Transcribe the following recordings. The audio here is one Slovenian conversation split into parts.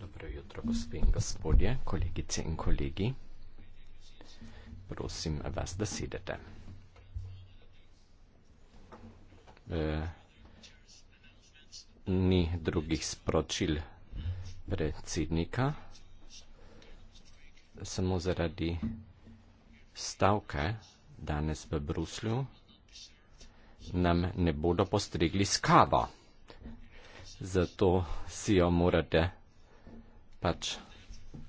dobro jutro gospe in gospodje, kolegice in kolegi. Prosim vas, da sedete. Eh, ni drugih sporočil predsednika, samo zaradi stavke danes v Bruslju nam ne bodo postregli s kavo zato si jo morate pač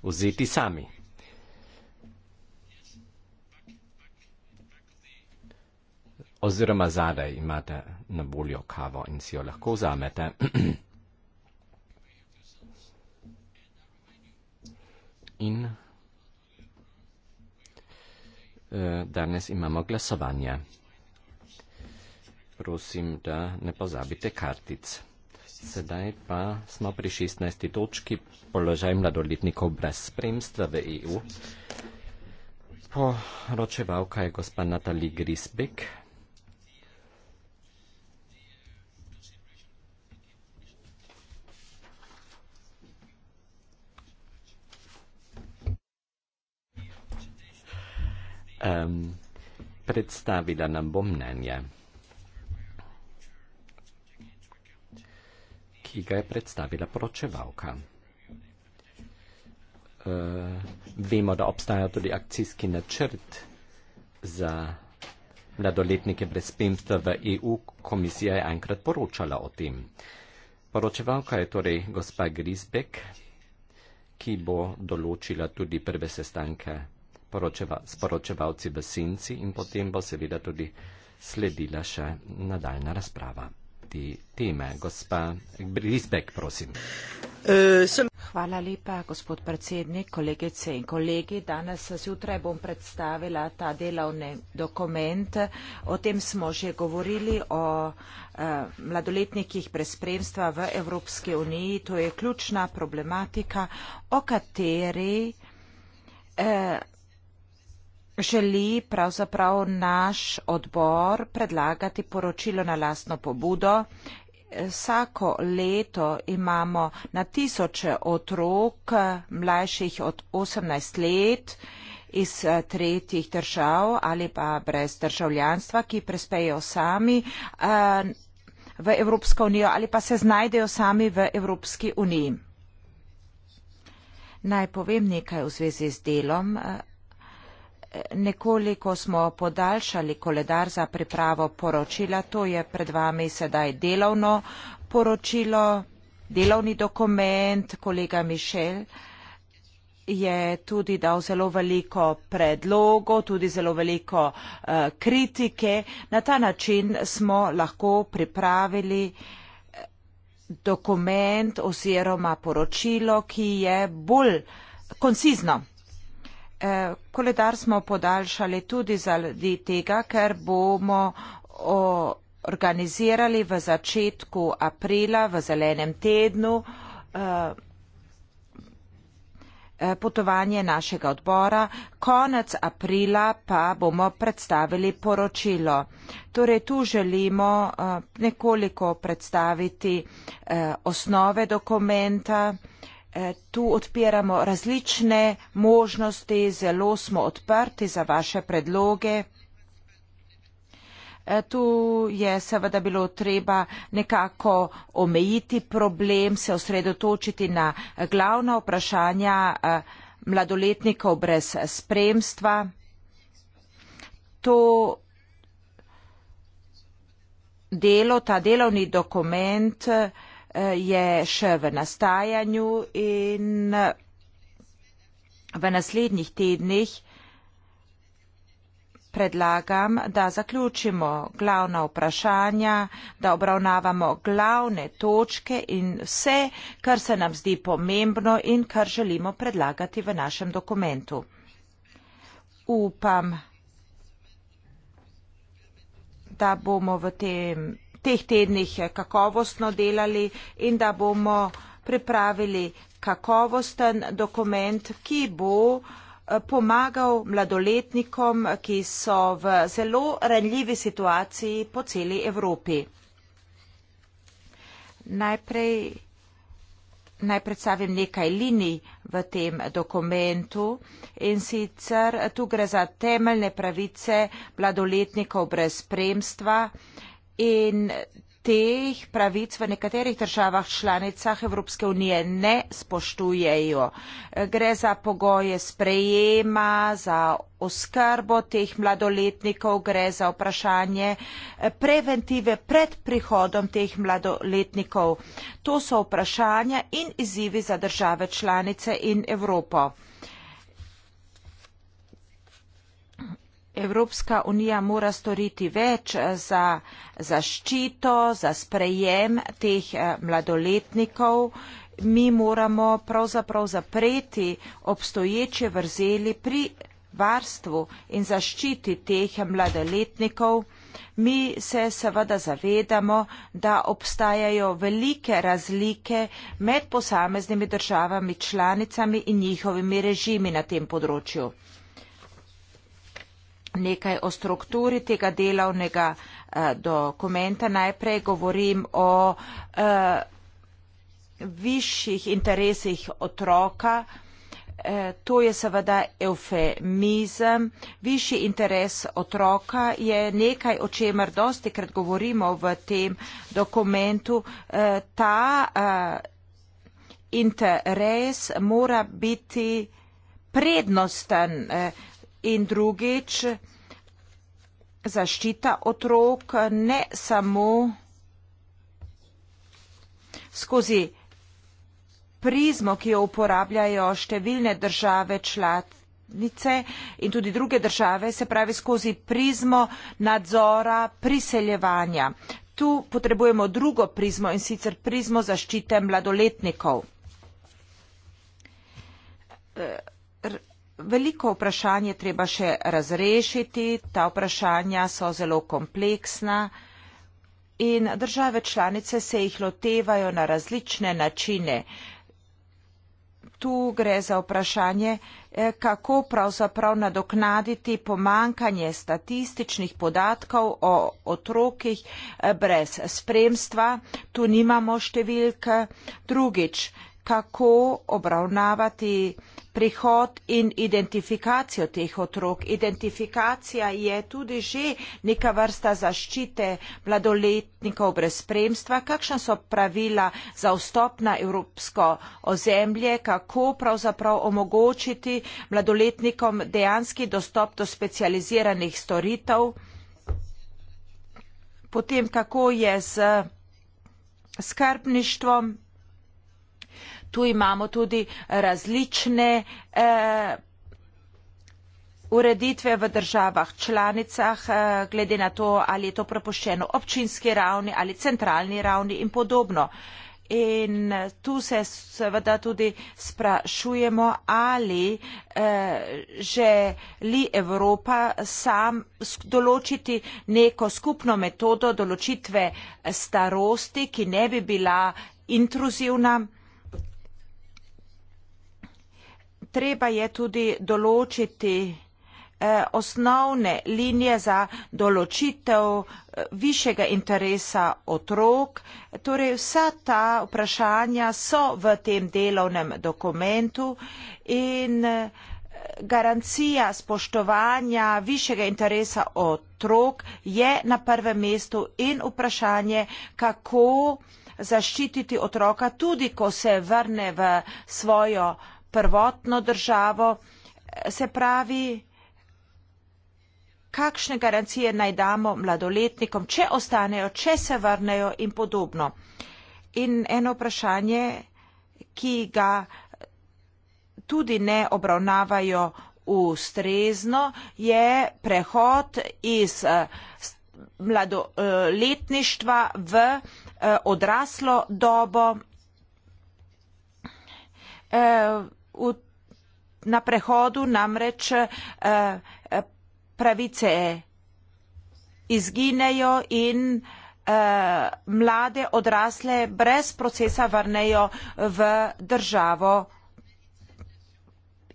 vzeti sami. Oziroma zadaj imate na voljo kavo in si jo lahko vzamete. in eh, danes imamo glasovanje. Prosim, da ne pozabite kartice. Sedaj pa smo pri 16. točki položaj mladoletnikov brez spremstva v EU. Poročevalka je gospa Natali Grisbek. Um, predstavila nam bo mnenje. ki ga je predstavila poročevalka. Uh, vemo, da obstaja tudi akcijski načrt za mladoletnike brez spremstva v EU. Komisija je enkrat poročala o tem. Poročevalka je torej gospa Grisbek, ki bo določila tudi prve sestanke poročeva, s poročevalci v Sinci in potem bo seveda tudi sledila še nadaljna razprava predmeti teme. Gospa Risbek, prosim. E, Hvala lepa, gospod predsednik, kolegice in kolegi. Danes zjutraj bom predstavila ta delovni dokument. O tem smo že govorili, o eh, mladoletnikih brez spremstva v Evropski uniji. To je ključna problematika, o kateri. Eh, želi pravzaprav naš odbor predlagati poročilo na lastno pobudo. Vsako leto imamo na tisoče otrok mlajših od 18 let iz eh, tretjih držav ali pa brez državljanstva, ki prespejo sami eh, v Evropsko unijo ali pa se znajdejo sami v Evropski uniji. Naj povem nekaj v zvezi z delom eh, nekoliko smo podaljšali koledar za pripravo poročila. To je pred vami sedaj delovno poročilo, delovni dokument. Kolega Mišel je tudi dal zelo veliko predlogov, tudi zelo veliko eh, kritike. Na ta način smo lahko pripravili eh, dokument oziroma poročilo, ki je bolj koncizno. Eh, koledar smo podaljšali tudi zaradi tega, ker bomo organizirali v začetku aprila v zelenem tednu eh, eh, potovanje našega odbora, konec aprila pa bomo predstavili poročilo. Torej, tu želimo nekoliko predstaviti osnove dokumenta, Eh, tu odpiramo različne možnosti, zelo smo odprti za vaše predloge. Eh, tu je seveda bilo treba nekako omejiti problem, se osredotočiti na glavna vprašanja eh, mladoletnikov brez spremstva. To delo, ta delovni dokument je še v nastajanju in v naslednjih tednih predlagam, da zaključimo glavna vprašanja, da obravnavamo glavne točke in vse, kar se nam zdi pomembno in kar želimo predlagati v našem dokumentu. Upam, da bomo v tem teh tednih eh, kakovostno delali in da bomo pripravili kakovosten dokument, ki bo eh, pomagal mladoletnikom, ki so v zelo ranljivi situaciji po celi Evropi. Najprej naj predstavim nekaj linij v tem dokumentu in sicer tu gre za temeljne pravice mladoletnikov brez spremstva, in teh pravic v nekaterih državah članicah Evropske unije ne spoštujejo. Gre za pogoje sprejema, za oskrbo teh mladoletnikov, gre za vprašanje preventive pred prihodom teh mladoletnikov. To so vprašanja in izzivi za države članice in Evropo. Evropska unija mora storiti več za zaščito, za sprejem teh eh, mladoletnikov. Mi moramo pravzaprav zapreti obstoječe vrzeli pri varstvu in zaščiti teh mladoletnikov. Mi se seveda zavedamo, da obstajajo velike razlike med posameznimi državami, članicami in njihovimi režimi na tem področju nekaj o strukturi tega delovnega eh, dokumenta. Najprej govorim o eh, višjih interesih otroka. Eh, to je seveda eufemizem. Višji interes otroka je nekaj, o čemer dosti krat govorimo v tem dokumentu. Ta interes mora biti prednosten in drugič zaščita otrok ne samo skozi prizmo, ki jo uporabljajo številne države članice in tudi druge države, se pravi skozi prizmo nadzora priseljevanja. Tu potrebujemo drugo prizmo in sicer prizmo zaščite mladoletnikov veliko vprašanj je treba še razrešiti, ta vprašanja so zelo kompleksna in države članice se jih lotevajo na različne načine. Tu gre za vprašanje, eh, kako pravzaprav nadoknaditi pomankanje statističnih podatkov o otrokih eh, brez spremstva. Tu nimamo številk. Drugič, kako obravnavati prihod in identifikacijo teh otrok. Identifikacija je tudi že neka vrsta zaščite mladoletnikov brez spremstva, kakšna so pravila za vstop na evropsko ozemlje, kako pravzaprav omogočiti mladoletnikom dejanski dostop do specializiranih storitev, potem kako je z skrbništvom tu imamo tudi različne eh, ureditve v državah članicah, eh, glede na to, ali je to prepuščeno občinski ravni ali centralni ravni in podobno. In eh, tu se seveda tudi sprašujemo, ali eh, želi Evropa sam določiti neko skupno metodo določitve starosti, ki ne bi bila intruzivna. treba je tudi določiti eh, osnovne linije za določitev eh, višjega interesa otrok. Torej vsa ta vprašanja so v tem delovnem dokumentu in eh, garancija spoštovanja višjega interesa otrok je na prvem mestu in vprašanje, kako zaščititi otroka tudi, ko se vrne v svojo prvotno državo. Se pravi, kakšne garancije naj damo mladoletnikom, če ostanejo, če se vrnejo in podobno. In eno vprašanje, ki ga tudi ne obravnavajo ustrezno, je prehod iz eh, mladoletništva v eh, odraslo dobo. Eh, v, na prehodu namreč eh, pravice izginejo in eh, mlade odrasle brez procesa vrnejo v državo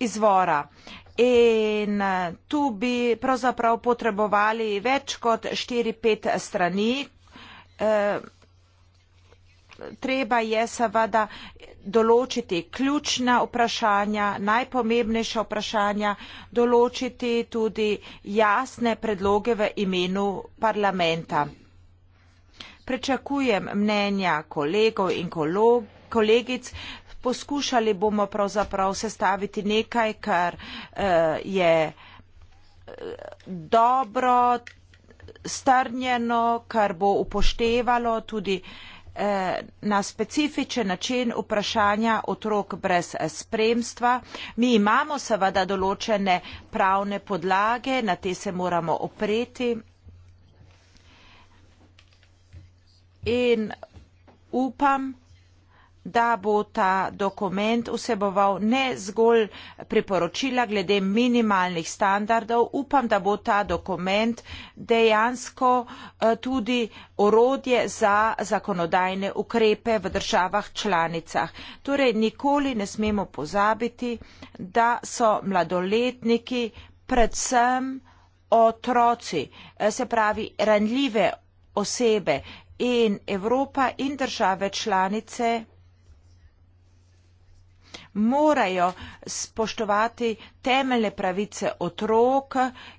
izvora. In eh, tu bi pravzaprav potrebovali več kot 4-5 strani. Eh, treba je seveda določiti ključna vprašanja, najpomembnejša vprašanja, določiti tudi jasne predloge v imenu parlamenta. Pričakujem mnenja kolegov in kolegic, poskušali bomo pravzaprav sestaviti nekaj, kar uh, je eh, dobro strnjeno, kar bo upoštevalo tudi uh, Eh, na specifičen način vprašanja otrok brez eh, spremstva. Mi imamo seveda določene pravne podlage, na te se moramo opreti in upam, da bo ta dokument vseboval ne zgolj priporočila glede minimalnih standardov, upam, da bo ta dokument dejansko eh, tudi orodje za zakonodajne ukrepe v državah članicah. Torej, nikoli ne smemo pozabiti, da so mladoletniki predvsem otroci, eh, se pravi ranljive osebe in Evropa in države članice morajo spoštovati temeljne pravice otrok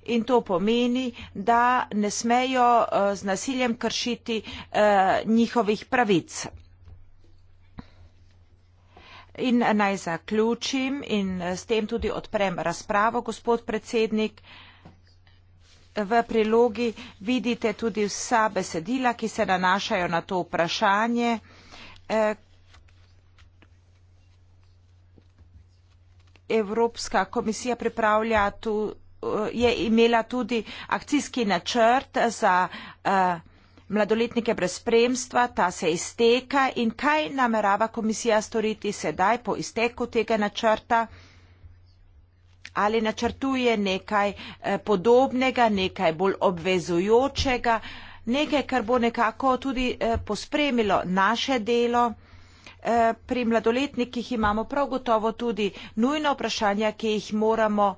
in to pomeni, da ne smejo eh, z nasiljem kršiti eh, njihovih pravic. In naj zaključim in eh, s tem tudi odprem razpravo, gospod predsednik. V prilogi vidite tudi vsa besedila, ki se nanašajo na to vprašanje, Evropska komisija pripravlja tu, eh, je imela tudi akcijski načrt za eh, mladoletnike brez spremstva, ta se izteka in kaj namerava komisija storiti sedaj po izteku tega načrta? Ali načrtuje nekaj eh, podobnega, nekaj bolj obvezujočega, nekaj, kar bo nekako tudi pospremilo naše delo? Eh, pri mladoletnikih imamo prav gotovo tudi nujna vprašanja, ki jih moramo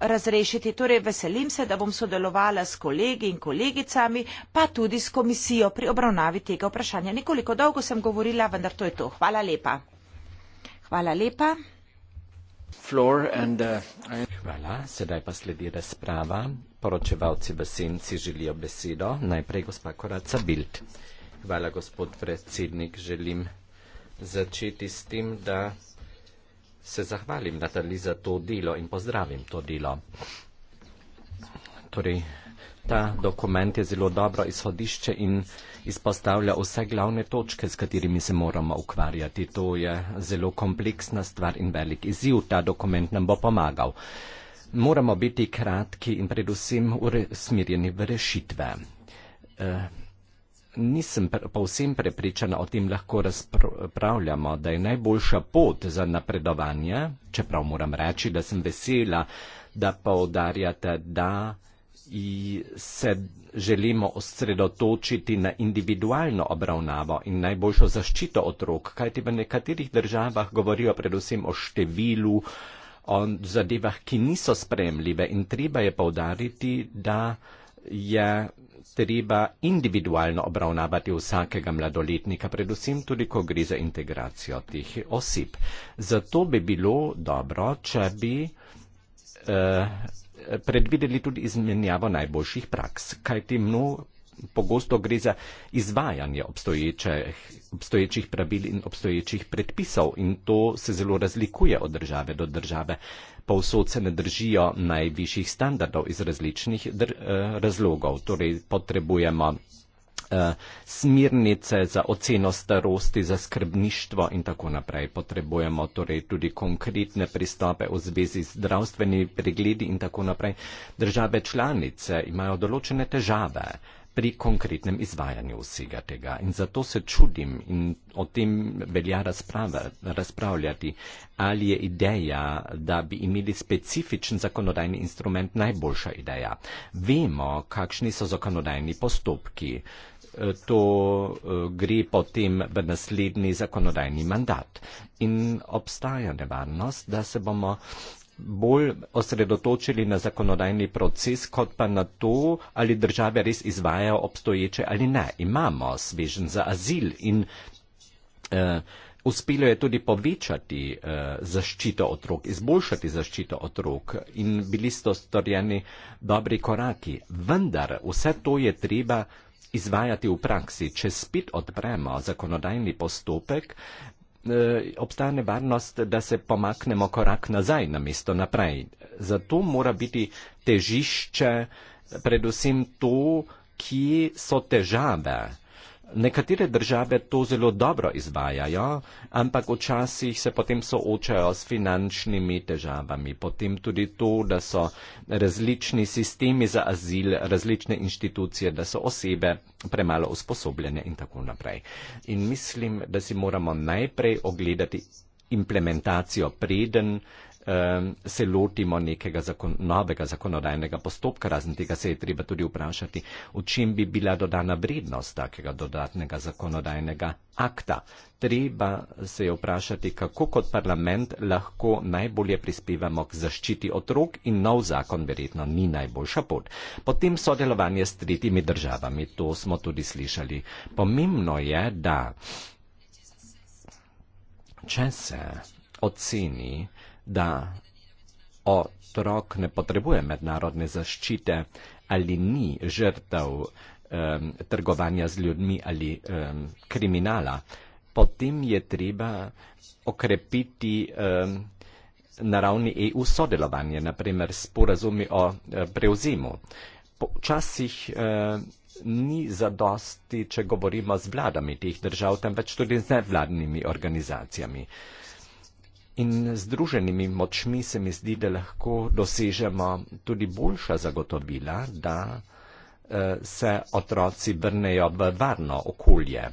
razrešiti. Torej, veselim se, da bom sodelovala s kolegi in kolegicami, pa tudi s komisijo pri obravnavi tega vprašanja. Nekoliko dolgo sem govorila, vendar to je to. Hvala lepa. Hvala lepa. And, uh, Hvala. Sedaj pa sledi razprava. Poročevalci v senci želijo besedo. Najprej gospa Koraca Bild. Hvala, gospod predsednik. Želim začeti s tem, da se zahvalim Natali za to delo in pozdravim to delo. Torej, ta dokument je zelo dobro izhodišče in izpostavlja vse glavne točke, s katerimi se moramo ukvarjati. To je zelo kompleksna stvar in velik izziv. Ta dokument nam bo pomagal. Moramo biti kratki in predvsem usmerjeni v rešitve. Uh, nisem povsem prepričana, o tem lahko razpravljamo, da je najboljša pot za napredovanje, čeprav moram reči, da sem vesela, da poudarjate, da se želimo osredotočiti na individualno obravnavo in najboljšo zaščito otrok, kajti v nekaterih državah govorijo predvsem o številu, o zadevah, ki niso spremljive in treba je povdariti, da je treba individualno obravnavati vsakega mladoletnika, predvsem tudi, ko gre za integracijo teh osib. Zato bi bilo dobro, če bi eh, predvideli tudi izmenjavo najboljših praks, kajti mnogo pogosto gre za izvajanje obstoječih, obstoječih pravil in obstoječih predpisov in to se zelo razlikuje od države do države. Eh, povsod se ne držijo najvišjih standardov iz različnih dr, eh, razlogov. Torej potrebujemo eh, smirnice za oceno starosti, za skrbništvo in tako naprej. Potrebujemo torej tudi konkretne pristope v zvezi z zdravstvenimi pregledi in tako naprej. Države članice imajo določene težave pri konkretnem izvajanju vsega tega. In zato se čudim in o tem velja razpravljati, ali je ideja, da bi imeli specifičen zakonodajni instrument, najboljša ideja. Vemo, kakšni so zakonodajni postopki. E, to e, gre potem v naslednji zakonodajni mandat. In obstaja nevarnost, da se bomo bolj osredotočili na zakonodajni proces, kot pa na to, ali države res izvajajo obstoječe ali ne. Imamo svežen za azil in eh, uspelo je tudi povečati eh, zaščito otrok, izboljšati zaščito otrok in bili so storjeni dobri koraki. Vendar vse to je treba izvajati v praksi. Če spet odpremo zakonodajni postopek, Eh, obstaja nevarnost, da se pomaknemo korak nazaj na mesto naprej. Zato mora biti težišče predvsem to, kje so težave Nekatere države to zelo dobro izvajajo, ampak včasih se potem soočajo s finančnimi težavami. Potem tudi to, da so različni sistemi za azil, različne inštitucije, da so osebe premalo usposobljene in tako naprej. In mislim, da si moramo najprej ogledati implementacijo preden se lotimo nekega zakon, novega zakonodajnega postopka, razen tega se je treba tudi vprašati, v čem bi bila dodana vrednost takega dodatnega zakonodajnega akta. Treba se je vprašati, kako kot parlament lahko najbolje prispevamo k zaščiti otrok in nov zakon verjetno ni najboljša pot. Potem sodelovanje s tretjimi državami, to smo tudi slišali. Pomembno je, da če se oceni, da otrok ne potrebuje mednarodne zaščite ali ni žrtev um, trgovanja z ljudmi ali um, kriminala, potem je treba okrepiti um, na ravni EU sodelovanje, naprimer sporazumi o uh, prevzemu. Včasih eh, ni zadosti, če govorimo z vladami teh držav, temveč tudi z nevladnimi organizacijami. In združenimi močmi se mi zdi, da lahko dosežemo tudi boljša zagotovila, da eh, se otroci vrnejo v varno okolje.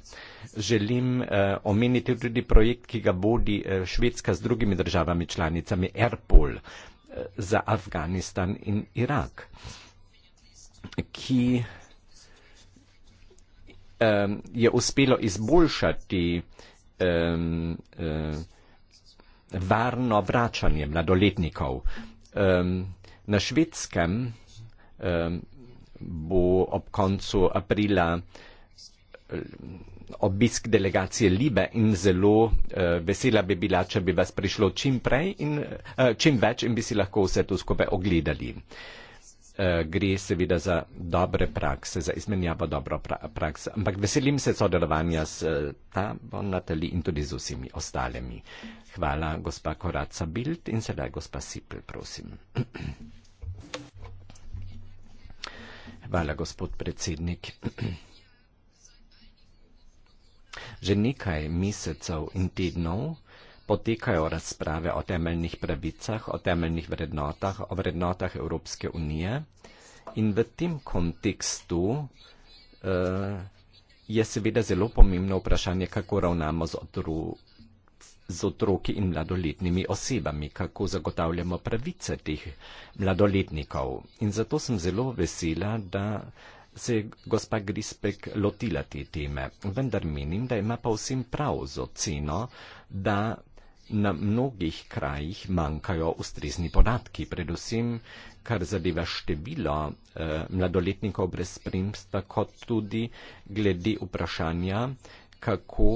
Želim eh, omeniti tudi projekt, ki ga vodi eh, Švedska z drugimi državami članicami, Airpol za Afganistan in Irak, ki je uspelo izboljšati um, um, varno vračanje mladoletnikov. Um, na švedskem um, bo ob koncu aprila eh, obisk delegacije Libe in zelo uh, vesela bi bila, če bi vas prišlo čim prej in uh, čim več in bi si lahko vse to skupaj ogledali. Uh, Eh, gre seveda za dobre prakse, za izmenjavo dobro pra prakse. Ampak veselim se sodelovanja s eh, tabo, Natali, in tudi z vsemi ostalimi. Hvala, gospa Koraca Bild in sedaj gospa Sipl, prosim. Hvala, gospod predsednik. Že nekaj mesecev in tednov potekajo razprave o temeljnih pravicah, o temeljnih vrednotah, o vrednotah Evropske unije. In v tem kontekstu uh, je seveda zelo pomembno vprašanje, kako ravnamo z, otro, z otroki in mladoletnimi osebami, kako zagotavljamo pravice teh mladoletnikov. In zato sem zelo vesela, da se je gospa Grispek lotila te teme. Vendar menim, da ima pa vsem prav z oceno, da na mnogih krajih manjkajo ustrezni podatki, predvsem kar zadeva število eh, mladoletnikov brez spremstva, kot tudi glede vprašanja, kako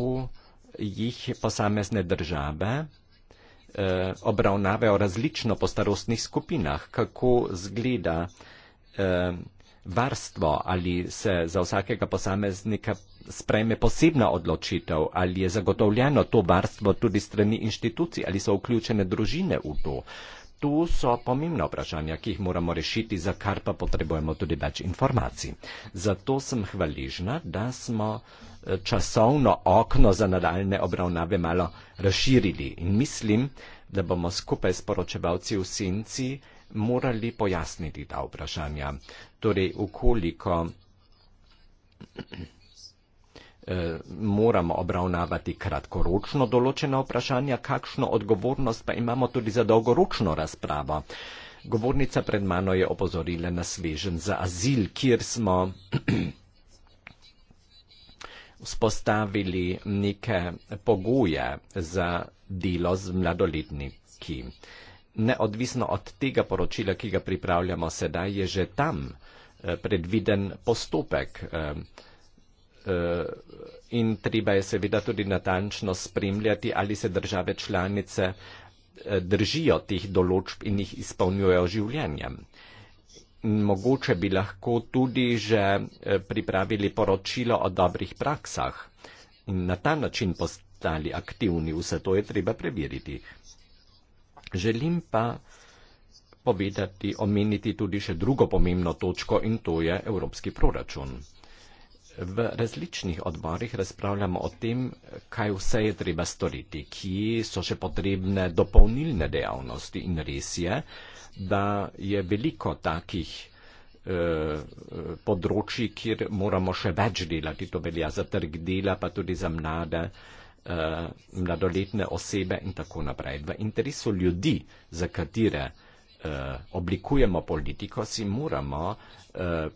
jih posamezne države eh, obravnavajo različno po starostnih skupinah, kako zgleda eh, varstvo, ali se za vsakega posameznika sprejme posebna odločitev, ali je zagotovljeno to varstvo tudi strani inštitucij, ali so vključene družine v to. Tu so pomembna vprašanja, ki jih moramo rešiti, za kar pa potrebujemo tudi več informacij. Zato sem hvaležna, da smo eh, časovno okno za nadaljne obravnave malo razširili in mislim, da bomo skupaj s poročevalci v Sinci morali pojasniti ta vprašanja. Torej, ukoliko eh, moramo obravnavati kratkoročno določena vprašanja, kakšno odgovornost pa imamo tudi za dolgoročno razpravo. Govornica pred mano je opozorila na svežen za azil, kjer smo vzpostavili neke pogoje za delo z mladoletniki neodvisno od tega poročila, ki ga pripravljamo sedaj, je že tam eh, predviden postopek. Eh, eh, in treba je seveda tudi natančno spremljati, ali se države članice držijo teh določb in jih izpolnjujejo življenjem. Mogoče bi lahko tudi že pripravili poročilo o dobrih praksah in na ta način postali aktivni. Vse to je treba preveriti. Želim pa povedati, omeniti tudi še drugo pomembno točko in to je evropski proračun. V različnih odborih razpravljamo o tem, kaj vse je treba storiti, ki so še potrebne dopolnilne dejavnosti in res je, da je veliko takih eh, področji, kjer moramo še več delati, to velja za trg dela, pa tudi za mlade uh, mladoletne osebe in tako naprej. V interesu ljudi, za katere uh, oblikujemo politiko, si moramo uh,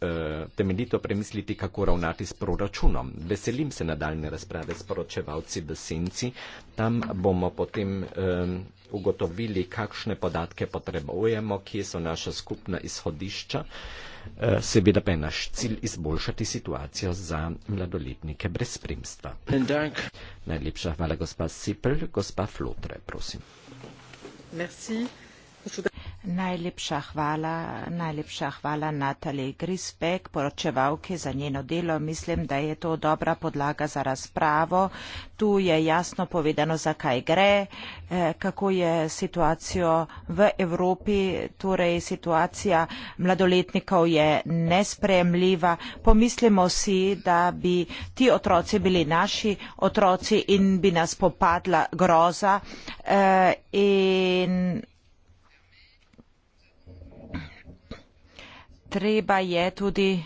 uh, temeljito premisliti, kako ravnati s proračunom. Veselim se nadaljne razprave s poročevalci v Senci. Tam bomo potem. Um, ugotovili, kakšne podatke potrebujemo, kje so naša skupna izhodišča. Uh, Eh, seveda pa je naš cilj izboljšati situacijo za mladoletnike brez spremstva. Najlepša hvala, gospa Sipel, gospa Flotre, prosim. Merci. Najlepša hvala, najlepša hvala Natali Grisbek, poročevalki za njeno delo. Mislim, da je to dobra podlaga za razpravo. Tu je jasno povedano, zakaj gre, eh, kako je situacijo v Evropi. Torej, situacija mladoletnikov je nespremljiva. Pomislimo si, da bi ti otroci bili naši otroci in bi nas popadla groza. Eh, in treba je tudi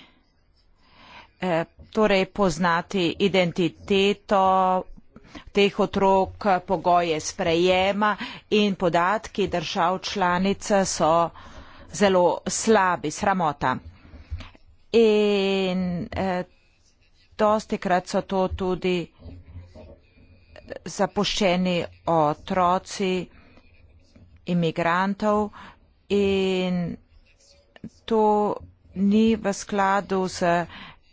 eh, torej poznati identiteto teh otrok, pogoje sprejema in podatki držav članic so zelo slabi, sramota. In eh, dosti krat so to tudi zapuščeni otroci imigrantov in to ni v skladu z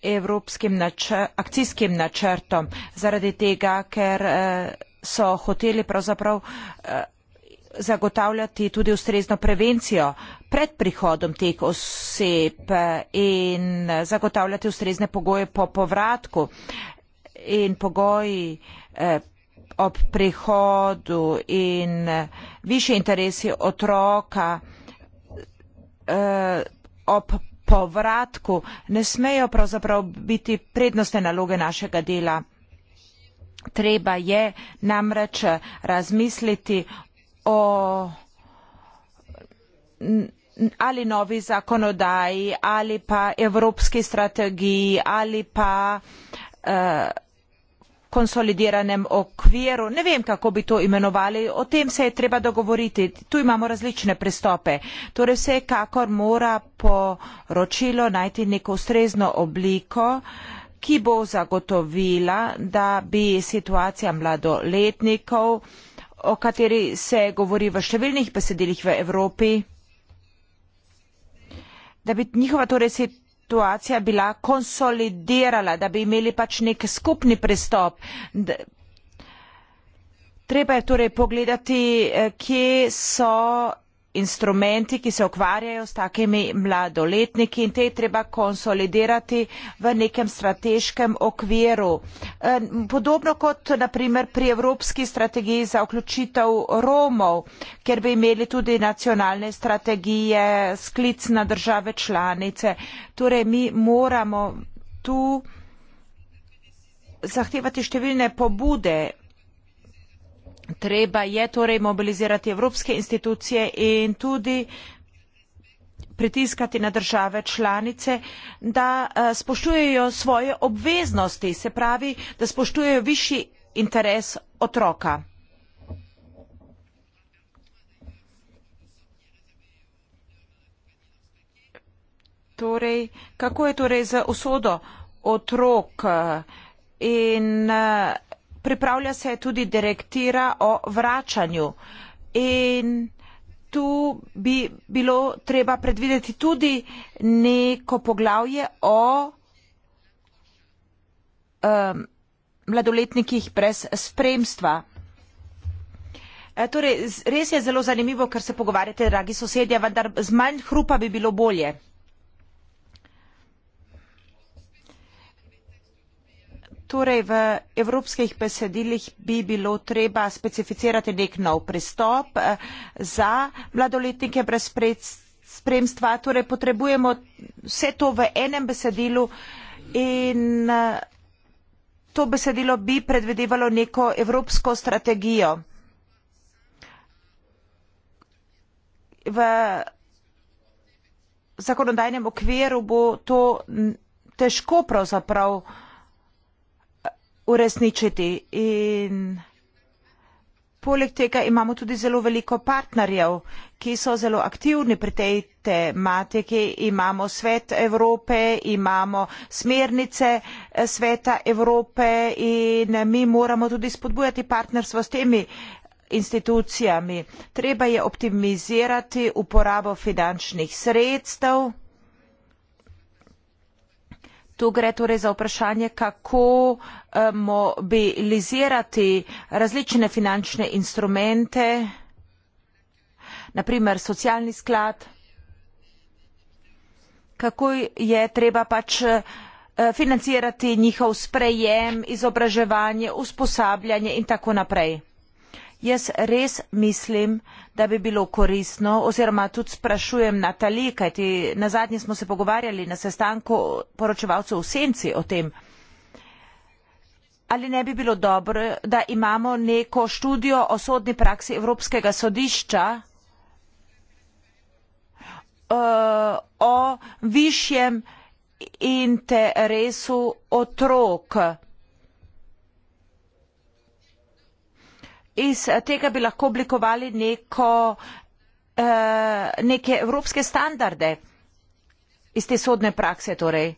evropskim načr akcijskim načrtom, zaradi tega, ker eh, so hoteli pravzaprav eh, zagotavljati tudi ustrezno prevencijo pred prihodom teh oseb in zagotavljati ustrezne pogoje po povratku in pogoji eh, ob prihodu in eh, više interesi otroka. Eh, ob povratku ne smejo pravzaprav biti prednostne naloge našega dela. Treba je namreč razmisliti o ali novi zakonodaji ali pa evropski strategiji ali pa eh, konsolidiranem okviru ne vem kako bi to imenovali o tem se je treba dogovoriti tu imamo različne pristope torej vsekakor mora poročilo najti neko ustrezno obliko ki bo zagotovila da bi situacija mladoletnikov o kateri se govori v številnih besedilih v evropi da bi njihova torej si situacija bila konsolidirala da bi imeli pač nek skupni pristop treba je torej pogledati eh, kje so instrumenti, ki se ukvarjajo s takimi mladoletniki in te je treba konsolidirati v nekem strateškem okviru. Podobno kot naprimer pri Evropski strategiji za vključitev Romov, ker bi imeli tudi nacionalne strategije, sklic na države članice. Torej mi moramo tu zahtevati številne pobude Treba je torej mobilizirati evropske institucije in tudi pritiskati na države članice, da eh, spoštujejo svoje obveznosti, se pravi, da spoštujejo višji interes otroka. Torej, kako je torej z usodo otrok eh, in eh, pripravlja se tudi direktira o vračanju in tu bi bilo treba predvideti tudi neko poglavje o um, mladoletnikih brez spremstva. E, torej, res je zelo zanimivo, ker se pogovarjate, dragi sosedje, vendar z manj hrupa bi bilo bolje. torej v evropskih besedilih bi bilo treba specificirati nek nov pristop eh, za mladoletnike brez spremstva, torej potrebujemo vse to v enem besedilu in eh, to besedilo bi predvidevalo neko evropsko strategijo. V zakonodajnem okviru bo to težko pravzaprav uh, uresničiti. In poleg tega imamo tudi zelo veliko partnerjev, ki so zelo aktivni pri tej tematiki. Imamo svet Evrope, imamo smernice eh, sveta Evrope in mi moramo tudi spodbujati partnerstvo s temi eh, institucijami. Treba je optimizirati uporabo finančnih sredstev tu gre torej za vprašanje kako eh, mobilizirati različne finančne instrumente naprimer socialni sklad kako je treba pač eh, financirati njihov sprejem izobraževanje usposabljanje in tako naprej jaz res mislim, da bi bilo koristno oziroma tudi sprašujem Natali, kajti nazadnje smo se pogovarjali na sestanku poročevalcev v senci o tem, ali ne bi bilo dobro, da imamo neko študijo o sodni praksi Evropskega sodišča eh, o višjem interesu otrok. iz tega bi lahko oblikovali neko, eh, neke evropske standarde iz te sodne prakse. Torej.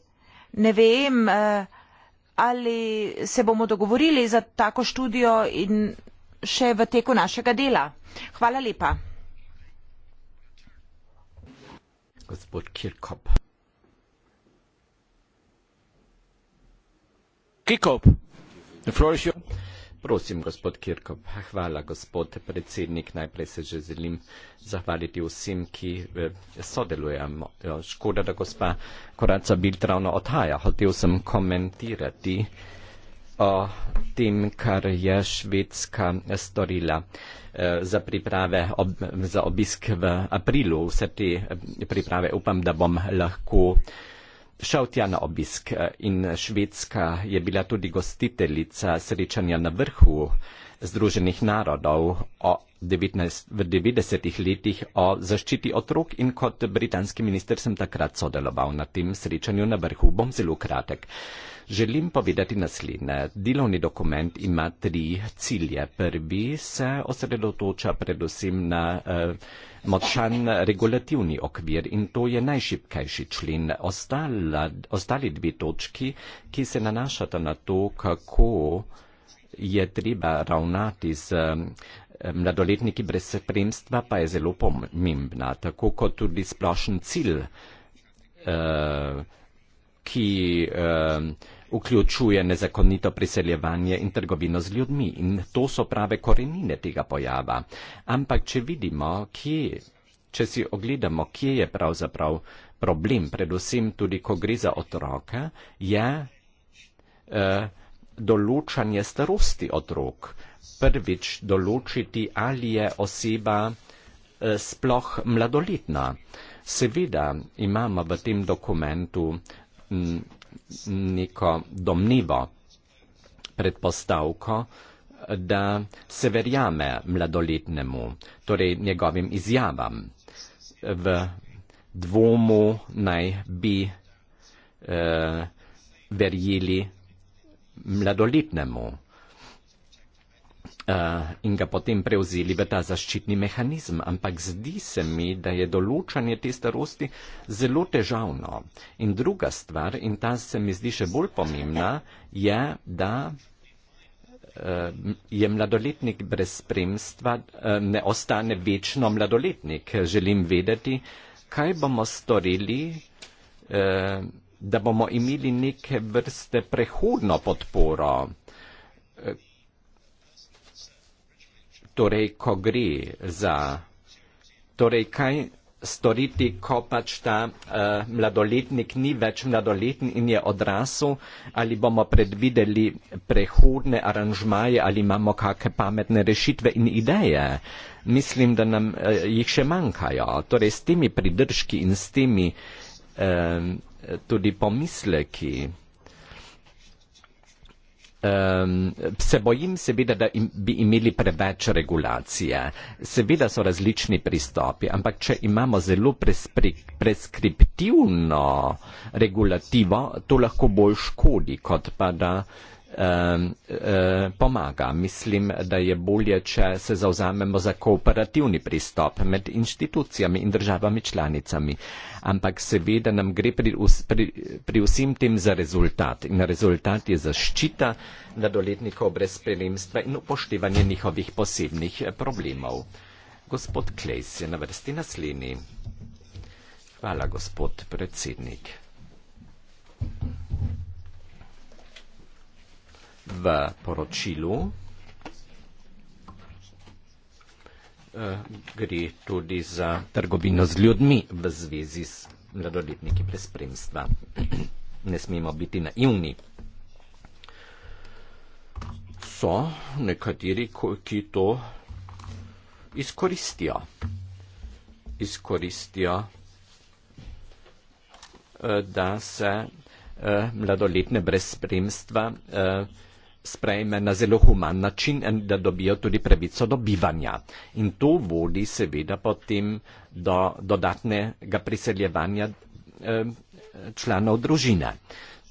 Ne vem, eh, ali se bomo dogovorili za tako študijo in še v teku našega dela. Hvala lepa. Gospod Kirkop. Kirkop. The floor is yours. Prosim, gospod Kirkop. Hvala, gospod predsednik. Najprej se že želim zahvaliti vsem, ki eh, sodelujemo. Ja, škoda, da gospa Koraca Bilt ravno odhaja. Hotev sem komentirati o tem, kar je Švedska eh, storila eh, za priprave, ob, za obisk v aprilu. Vse te priprave upam, da bom lahko šel tja na obisk eh, in Švedska je bila tudi gostiteljica srečanja na vrhu Združenih narodov o 19, v 90-ih letih o zaščiti otrok in kot britanski minister sem takrat sodeloval na tem srečanju na vrhu. Bom zelo kratek. Želim povedati naslednje. Delovni dokument ima tri cilje. Prvi se osredotoča predvsem na eh, močan regulativni okvir in to je najšipkejši člen. Ostali dve točki, ki se nanašata na to, kako je treba ravnati z um, mladoletniki brez spremstva, pa je zelo pomembna, tako kot tudi splošen cilj, uh, ki um, vključuje nezakonito priseljevanje in trgovino z ljudmi. In to so prave korenine tega pojava. Ampak, če vidimo, kje, če si ogledamo, kje je pravzaprav problem, predvsem tudi, ko gre za otroka, je. Uh, določanje starosti otrok. Prvič določiti, ali je oseba eh, sploh mladoletna. Seveda imamo v tem dokumentu mm, neko domnevo predpostavko, da se verjame mladoletnemu, torej njegovim izjavam. V dvomu naj bi eh, verjeli mladoletnemu eh, in ga potem prevzeli v ta zaščitni mehanizem. Ampak zdi se mi, da je določanje te starosti zelo težavno. In druga stvar, in ta se mi zdi še bolj pomembna, je, da eh, je mladoletnik brez spremstva, eh, ne ostane večno mladoletnik. Želim vedeti, kaj bomo storili da bomo imeli neke vrste prehodno podporo. Torej, ko gre za. Torej, kaj storiti, ko pač ta uh, mladoletnik ni več mladoletni in je odrasel, ali bomo predvideli prehodne aranžmaje, ali imamo kakšne pametne rešitve in ideje. Mislim, da nam uh, jih še manjkajo. Torej, s temi pridržki in s temi. Uh, tudi pomisleki. Um, se bojim seveda, da im, bi imeli preveč regulacije. Seveda so različni pristopi, ampak če imamo zelo prespri, preskriptivno regulativo, to lahko bolj škodi, kot pa da uh, Um, uh, pomaga. Mislim, da je bolje, če se zauzamemo za kooperativni pristop med inštitucijami in državami članicami. Ampak seveda nam gre pri, pri, pri vsem tem za rezultat. In rezultat je zaščita nadoletnikov brez spremstva in upoštevanje njihovih posebnih eh, problemov. Gospod Klejs je na vrsti naslednji. Hvala, gospod predsednik. Thank you v poročilu. Eh, gre tudi za trgovino z ljudmi v zvezi s mladoletniki brez spremstva. Ne smemo biti naivni. So nekateri, ki to izkoristijo. Izkoristijo, eh, da se eh, mladoletne brez spremstva sprejme na zelo human način in da dobijo tudi pravico do bivanja. In to vodi seveda potem do dodatnega priseljevanja eh, članov družine.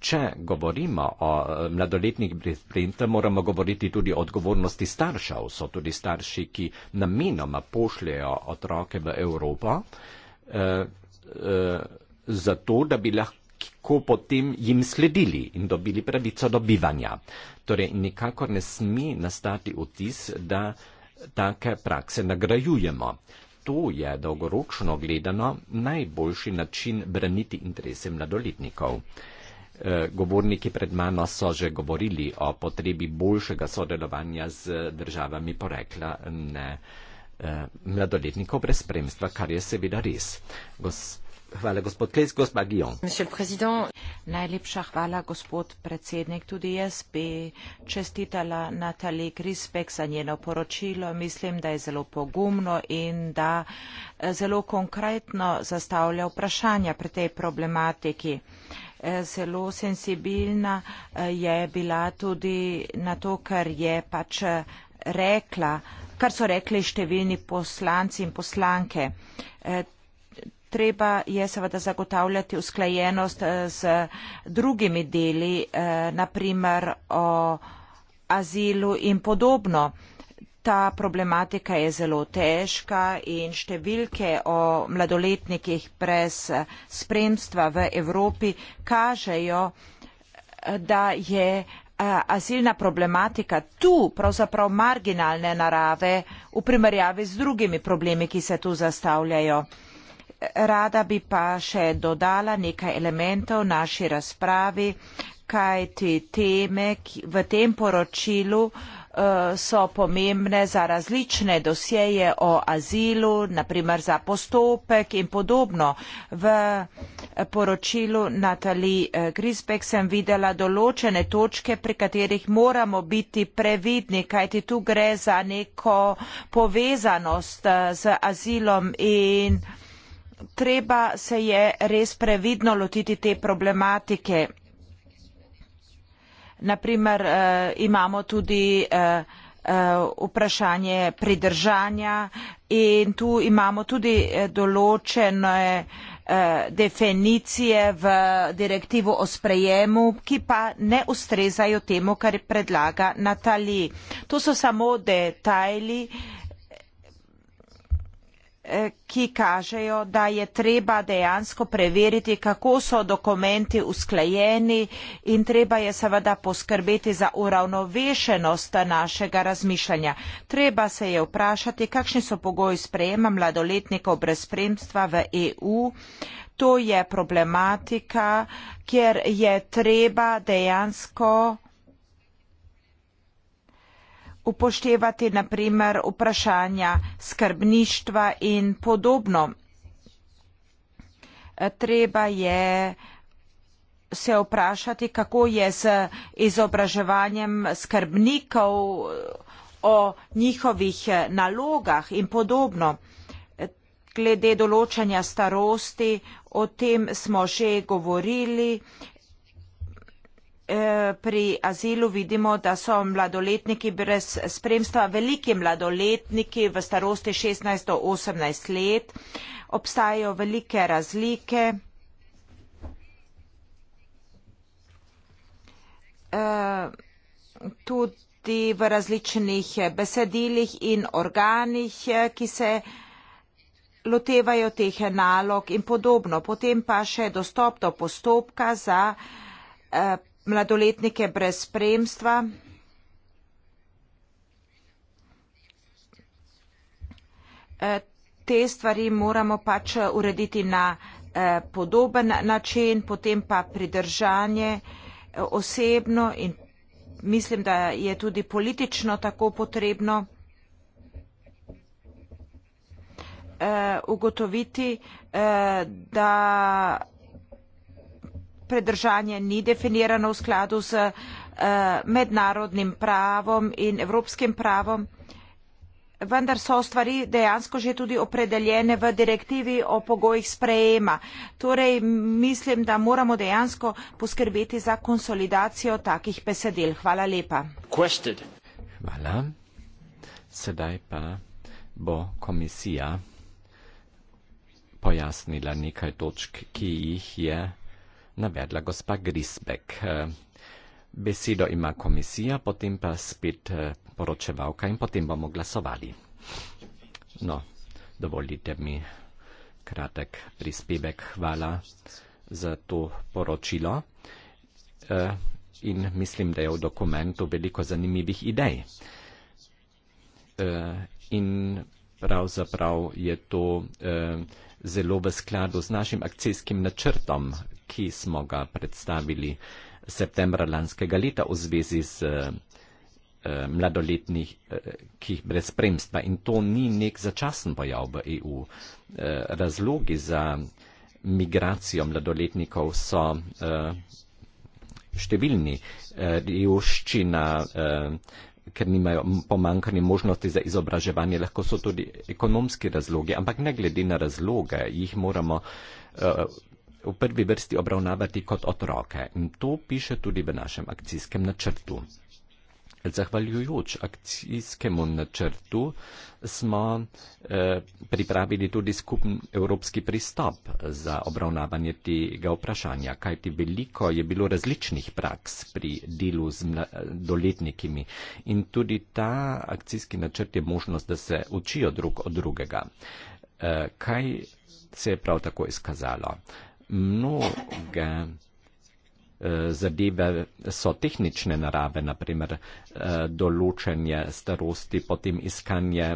Če govorimo o eh, mladoletnih brezprintah, moramo govoriti tudi o odgovornosti staršev. So tudi starši, ki namenoma pošljajo otroke v Evropo, eh, eh, zato da bi lahko kako potem jim sledili in dobili pravico do bivanja. Torej, nikakor ne sme nastati vtis, da take prakse nagrajujemo. To je dolgoročno gledano najboljši način braniti interese mladoletnikov. E, govorniki pred mano so že govorili o potrebi boljšega sodelovanja z državami porekla ne, e, mladoletnikov brez spremstva, kar je seveda res. Gos Hvala, gospod Kles, gospa Gion. Najlepša hvala, gospod predsednik. Tudi jaz bi čestitala Natali Grispek za njeno poročilo. Mislim, da je zelo pogumno in da eh, zelo konkretno zastavlja vprašanja pri tej problematiki. Eh, zelo sensibilna eh, je bila tudi na to, kar je pač rekla, kar so rekli številni poslanci in poslanke treba je seveda zagotavljati usklajenost eh, z drugimi deli, eh, naprimer o azilu in podobno. Ta problematika je zelo težka in številke o mladoletnikih brez eh, spremstva v Evropi kažejo, da je azilna problematika tu pravzaprav marginalne narave v primerjavi z drugimi problemi, ki se tu zastavljajo rada bi pa še dodala nekaj elementov naši razpravi, kajti teme v tem poročilu eh, so pomembne za različne dosjeje o azilu, naprimer za postopek in podobno. V eh, poročilu Natali eh, Grisbek sem videla določene točke, pri katerih moramo biti previdni, kajti tu gre za neko povezanost z azilom in treba se je res previdno lotiti te problematike na primer eh, imamo tudi eh, eh, vprašanje pridržanja in tu imamo tudi določene definicije v direktivo o sprejemu ki pa ne ustrezajo temu kar predlaga natalie to so samo detajli ki kažejo, da je treba dejansko preveriti, kako so dokumenti usklajeni in treba je seveda poskrbeti za uravnovešenost našega razmišljanja. Treba se je vprašati, kakšni so pogoji sprejema mladoletnikov brez spremstva v EU. To je problematika, kjer je treba dejansko upoštevati naprimer vprašanja skrbništva in podobno. Treba je se vprašati, kako je z izobraževanjem skrbnikov o njihovih eh, nalogah in podobno. Glede določanja starosti, o tem smo že govorili, Eh, pri azilu vidimo, da so mladoletniki brez spremstva, veliki mladoletniki v starosti 16 do 18 let, obstajajo velike razlike. Eh, tudi v različnih besedilih in organih, eh, ki se lotevajo teh nalog in podobno. Potem pa še dostop do postopka za mladoletnike brez spremstva. E, te stvari moramo pač urediti na e, podoben način, potem pa pridržanje e, osebno in mislim, da je tudi politično tako potrebno ugotoviti, da predržanje ni definirano v skladu z eh, mednarodnim pravom in evropskim pravom, vendar so stvari dejansko že tudi opredeljene v direktivi o pogojih sprejema. Torej mislim, da moramo dejansko poskrbeti za konsolidacijo takih besedil. Hvala lepa. Quested. Hvala. Sedaj pa bo komisija pojasnila nekaj točk, ki jih je navedla gospa Grisbek. Eh, besedo ima komisija, potem pa spet eh, poročevalka in potem bomo glasovali. No, dovolite mi kratek prispevek. Hvala za to poročilo. Eh, in mislim, da je v dokumentu veliko zanimivih idej. In pravzaprav je to zelo v skladu z našim akcijskim načrtom ki smo ga predstavili septembra lanskega leta v zvezi z eh, eh, mladoletnih, eh, ki brez spremstva. In to ni nek začasen pojav v EU. Razlogi za migracijo mladoletnikov so številni. Revščina, ker nimajo pomankanje možnosti za izobraževanje, lahko so tudi ekonomski razlogi, ampak ne glede na razloge, jih moramo v prvi vrsti obravnavati kot otroke in to piše tudi v našem akcijskem načrtu. Zahvaljujoč akcijskemu načrtu smo eh, pripravili tudi skupni evropski pristop za obravnavanje tega vprašanja, kajti veliko je bilo različnih praks pri delu z doletnikimi in tudi ta akcijski načrt je možnost, da se učijo drug od drugega. Eh, kaj se je prav tako izkazalo? Eh, mnoge eh, zadeve so tehnične narave, naprimer eh, določenje starosti, potem iskanje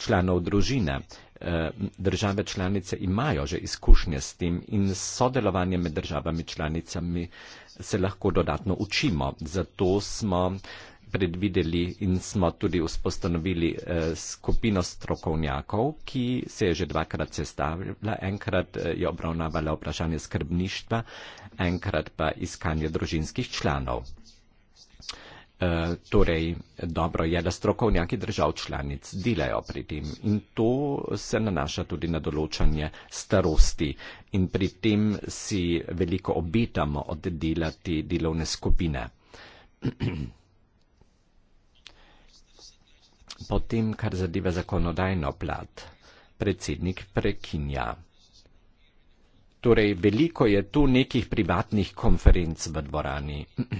članov družine. Eh, države članice imajo že izkušnje s tem in sodelovanje med državami članicami se lahko dodatno učimo. Zato smo predvideli in smo tudi vzpostavili eh, skupino strokovnjakov, ki se je že dvakrat sestavila. Enkrat eh, je obravnavala vprašanje skrbništva, enkrat pa iskanje družinskih članov. Eh, torej, dobro je, da strokovnjaki držav članic delajo pri tem in to se nanaša tudi na določanje starosti in pri tem si veliko obetamo oddelati delovne skupine. potem kar zadeva zakonodajno plat. Predsednik prekinja. Torej, veliko je tu nekih privatnih konferenc v dvorani.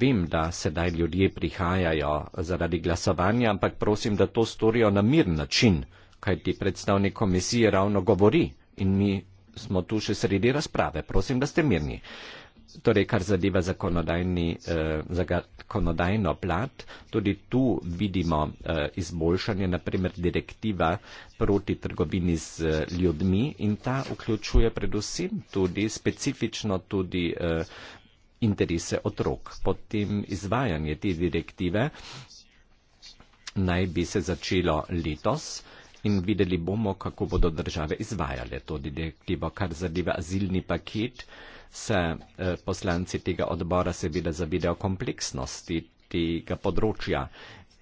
Vem, da sedaj ljudje prihajajo zaradi glasovanja, ampak prosim, da to storijo na mir način, kaj ti predstavnik komisije ravno govori in mi smo tu še sredi razprave. Prosim, da ste mirni torej kar zadeva eh, zakonodajno plat, tudi tu vidimo eh, izboljšanje, naprimer direktiva proti trgovini z eh, ljudmi in ta vključuje predvsem tudi specifično tudi interese otrok. Potem izvajanje te direktive naj bi se začelo letos in videli bomo, kako bodo države izvajale to direktivo, kar zadeva azilni paket se eh, poslanci tega odbora seveda zavedajo kompleksnosti tega področja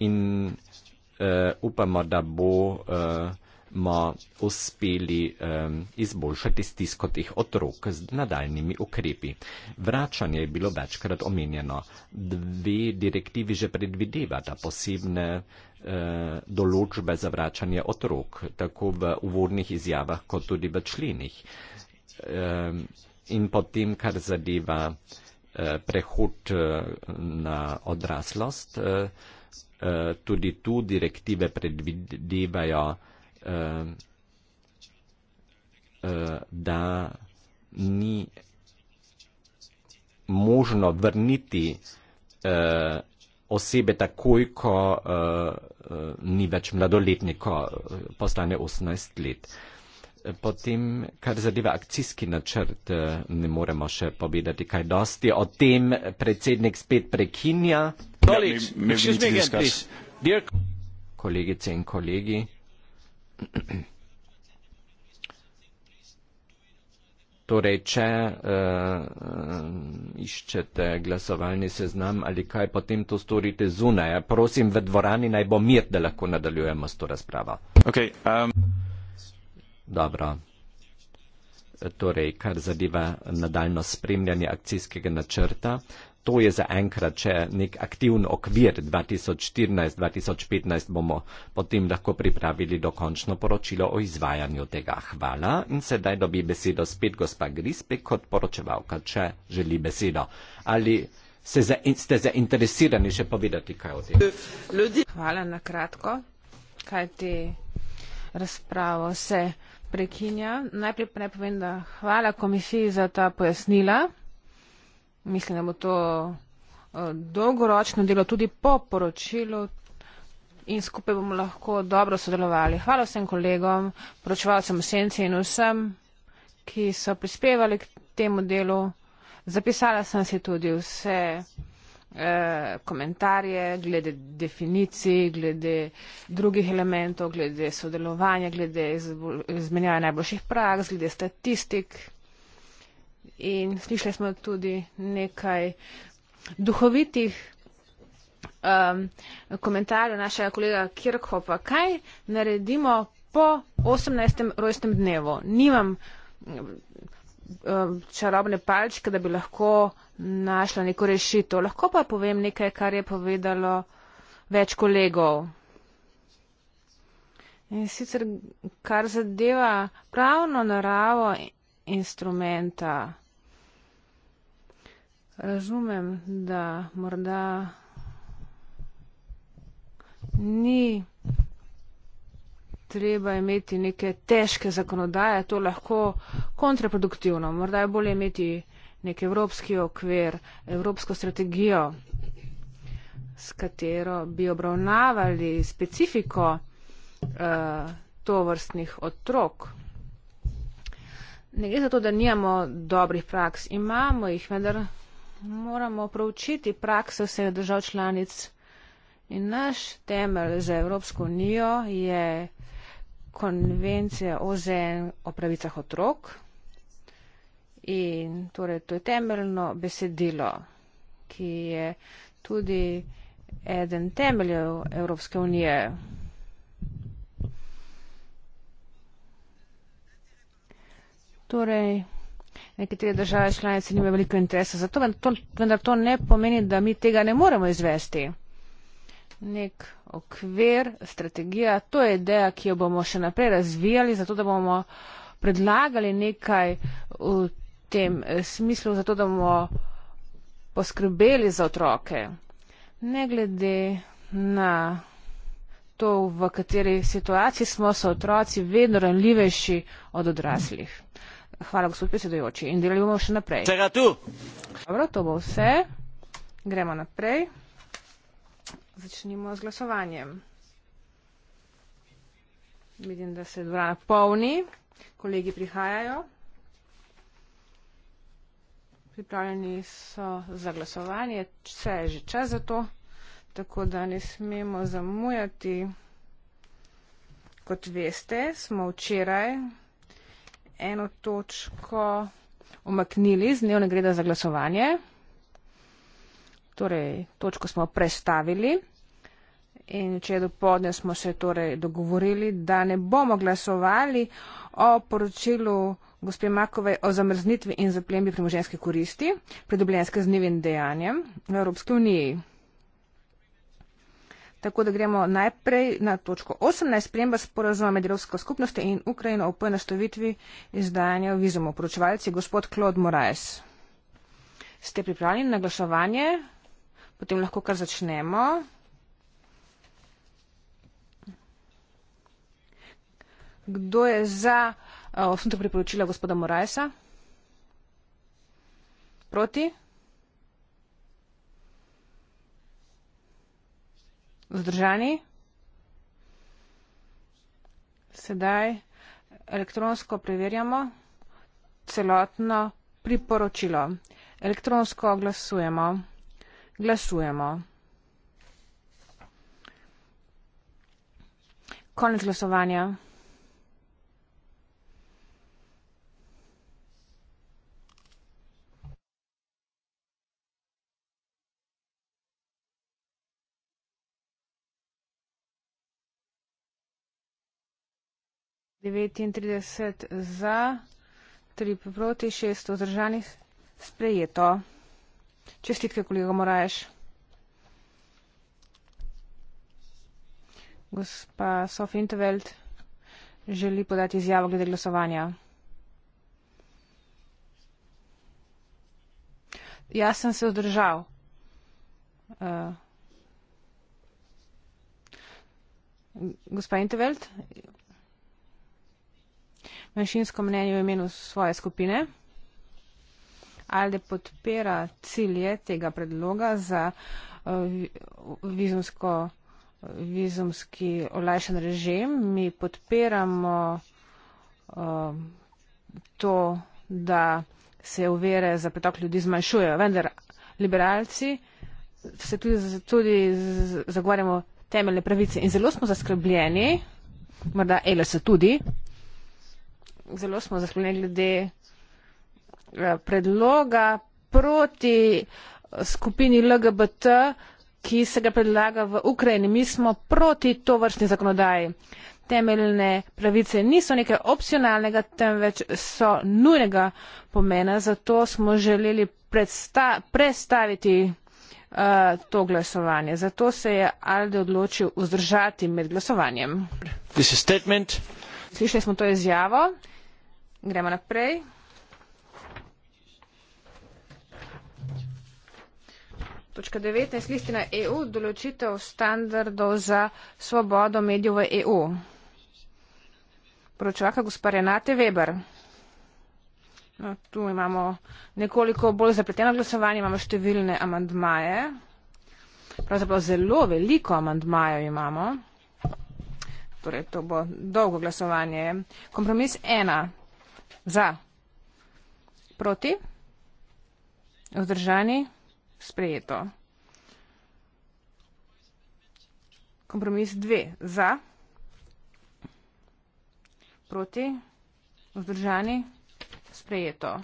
in eh, upamo, da bomo eh, uspeli eh, izboljšati stisko teh otrok z nadaljnimi ukrepi. Vračanje je bilo večkrat omenjeno. Dve direktivi že predvidevata posebne eh, določbe za vračanje otrok, tako v uvodnih izjavah kot tudi v členih. Eh, in potem, kar zadeva eh, prehod eh, na odraslost, eh, eh, tudi tu direktive predvidevajo, eh, eh, da ni možno vrniti eh, osebe takoj, ko eh, eh ni več mladoletnik, ko eh, postane 18 let. Eh, Potem, kar zadeva akcijski načrt, eh, ne moremo še povedati kaj dosti. O tem predsednik spet prekinja. Ja, Kolegice in kolegi. Torej, če uh, iščete glasovalni seznam ali kaj, potem to storite zunaj. Prosim, v dvorani naj bo mir, da lahko nadaljujemo s to razpravo. Okay, um... Dobro. Torej, kar zadeva nadaljno spremljanje akcijskega načrta, to je za enkrat še nek aktivn okvir 2014-2015 bomo potem lahko pripravili dokončno poročilo o izvajanju tega. Hvala in sedaj dobi besedo spet gospa Grispe kot poročevalka, če želi besedo. Ali se za, ste zainteresirani še povedati kaj o tem? Hvala na kratko, kaj ti razpravo se prekinja. Najprej naj povem, da hvala komisiji za ta pojasnila. Mislim, da bo to eh, dolgoročno delo tudi po poročilu in skupaj bomo lahko dobro sodelovali. Hvala vsem kolegom, poročevalcem Senci in vsem, ki so prispevali k temu delu. Zapisala sem si tudi vse. Eh, komentarje, glede definicij, glede drugih elementov, glede sodelovanja, glede izmenjave najboljših praks, glede statistik. In slišali smo tudi nekaj duhovitih um, komentarjev našega kolega Kirkhopa. Kaj naredimo po 18. rojstnem dnevu? Nimam Um, čarobne palčke, da bi lahko našla neko rešitev. Lahko pa povem nekaj, kar je povedalo več kolegov. In sicer, kar zadeva pravno naravo instrumenta. Razumem, da morda ni treba imeti neke težke zakonodaje, to lahko kontraproduktivno. Morda je bolje imeti nek evropski okvir, evropsko strategijo, s katero bi obravnavali specifiko eh, tovrstnih otrok. Ne gre za to, da nijamo dobrih praks, imamo jih, vendar moramo proučiti prakse vseh držav članic. In naš temelj za Evropsko unijo je konvencija OZN o pravicah otrok. In torej to je temeljno besedilo, ki je tudi eden temeljev Evropske unije. Torej, nekatere države članice nimajo veliko interesa za to, vendar to ne pomeni, da mi tega ne moremo izvesti. Nek okvir, strategija, to je ideja, ki jo bomo še naprej razvijali, zato da bomo predlagali nekaj v tem smislu, zato da bomo poskrbeli za otroke. Ne glede na to, v kateri situaciji smo, so otroci vedno ranljivejši od odraslih. Hvala, gospod predsedujoči. In delali bomo še naprej. Dobro, to bo vse. Gremo naprej začnimo z glasovanjem. Vidim, da se dvorana polni, kolegi prihajajo. Pripravljeni so za glasovanje, vse je že čas za to, tako da ne smemo zamujati. Kot veste, smo včeraj eno točko omaknili z dnevnega reda za glasovanje. Torej, točko smo prestavili. In če je dopoledne smo se torej dogovorili, da ne bomo glasovali o poročilu gospe Makovej o zamrznitvi in zaplembi premoženske koristi, pridobljene s kaznivim dejanjem v Evropski uniji. Tako da gremo najprej na točko 18, sprememba sporazuma med Evropsko skupnostjo in Ukrajino o poenostavitvi izdajanja vizumov. Poročevalci, gospod Klod Morajs, ste pripravljeni na glasovanje? Potem lahko kar začnemo. kdo je za eh, osnutek priporočila gospoda Morajsa? Proti? Zdržani? Sedaj elektronsko preverjamo celotno priporočilo. Elektronsko glasujemo. Glasujemo. Konec glasovanja. 39 za, 3 proti, 6 vzdržanih. Sprejeto. Čestitke, kolega Moraješ. Gospa Sofintveld želi podati izjavo glede glasovanja. Jaz sem se vzdržal. Uh, gospa Intveld, manjšinsko mnenje v imenu svoje skupine? Ali podpira cilje tega predloga za eh, vizumsko, vizumski olajšan režim? Mi podpiramo eh, to, da se uvere za pretok ljudi zmanjšujejo, vendar liberalci se tudi, tudi zagovarjamo temeljne pravice in zelo smo zaskrbljeni, morda Eles tudi, zelo smo zaskrbljeni glede eh, predloga proti eh, skupini LGBT, ki se ga predlaga v Ukrajini. Mi smo proti to vrstni zakonodaji. Temeljne pravice niso nekaj opcionalnega, temveč so nujnega pomena, zato smo želeli predstaviti uh, eh, to glasovanje. Zato se je Alde odločil vzdržati med glasovanjem. Slišali smo to izjavo. Gremo naprej. Točka 19. Listina EU. Določitev standardov za svobodo medijev v EU. Poročevaka gospa Renate Weber. No, tu imamo nekoliko bolj zapleteno glasovanje, imamo številne amandmaje. Pravzaprav zelo veliko amandmajev imamo. Torej, to bo dolgo glasovanje. Kompromis 1. Za. Proti. Vzdržani. Sprejeto. Kompromis dve. Za. Proti. Vzdržani. Sprejeto.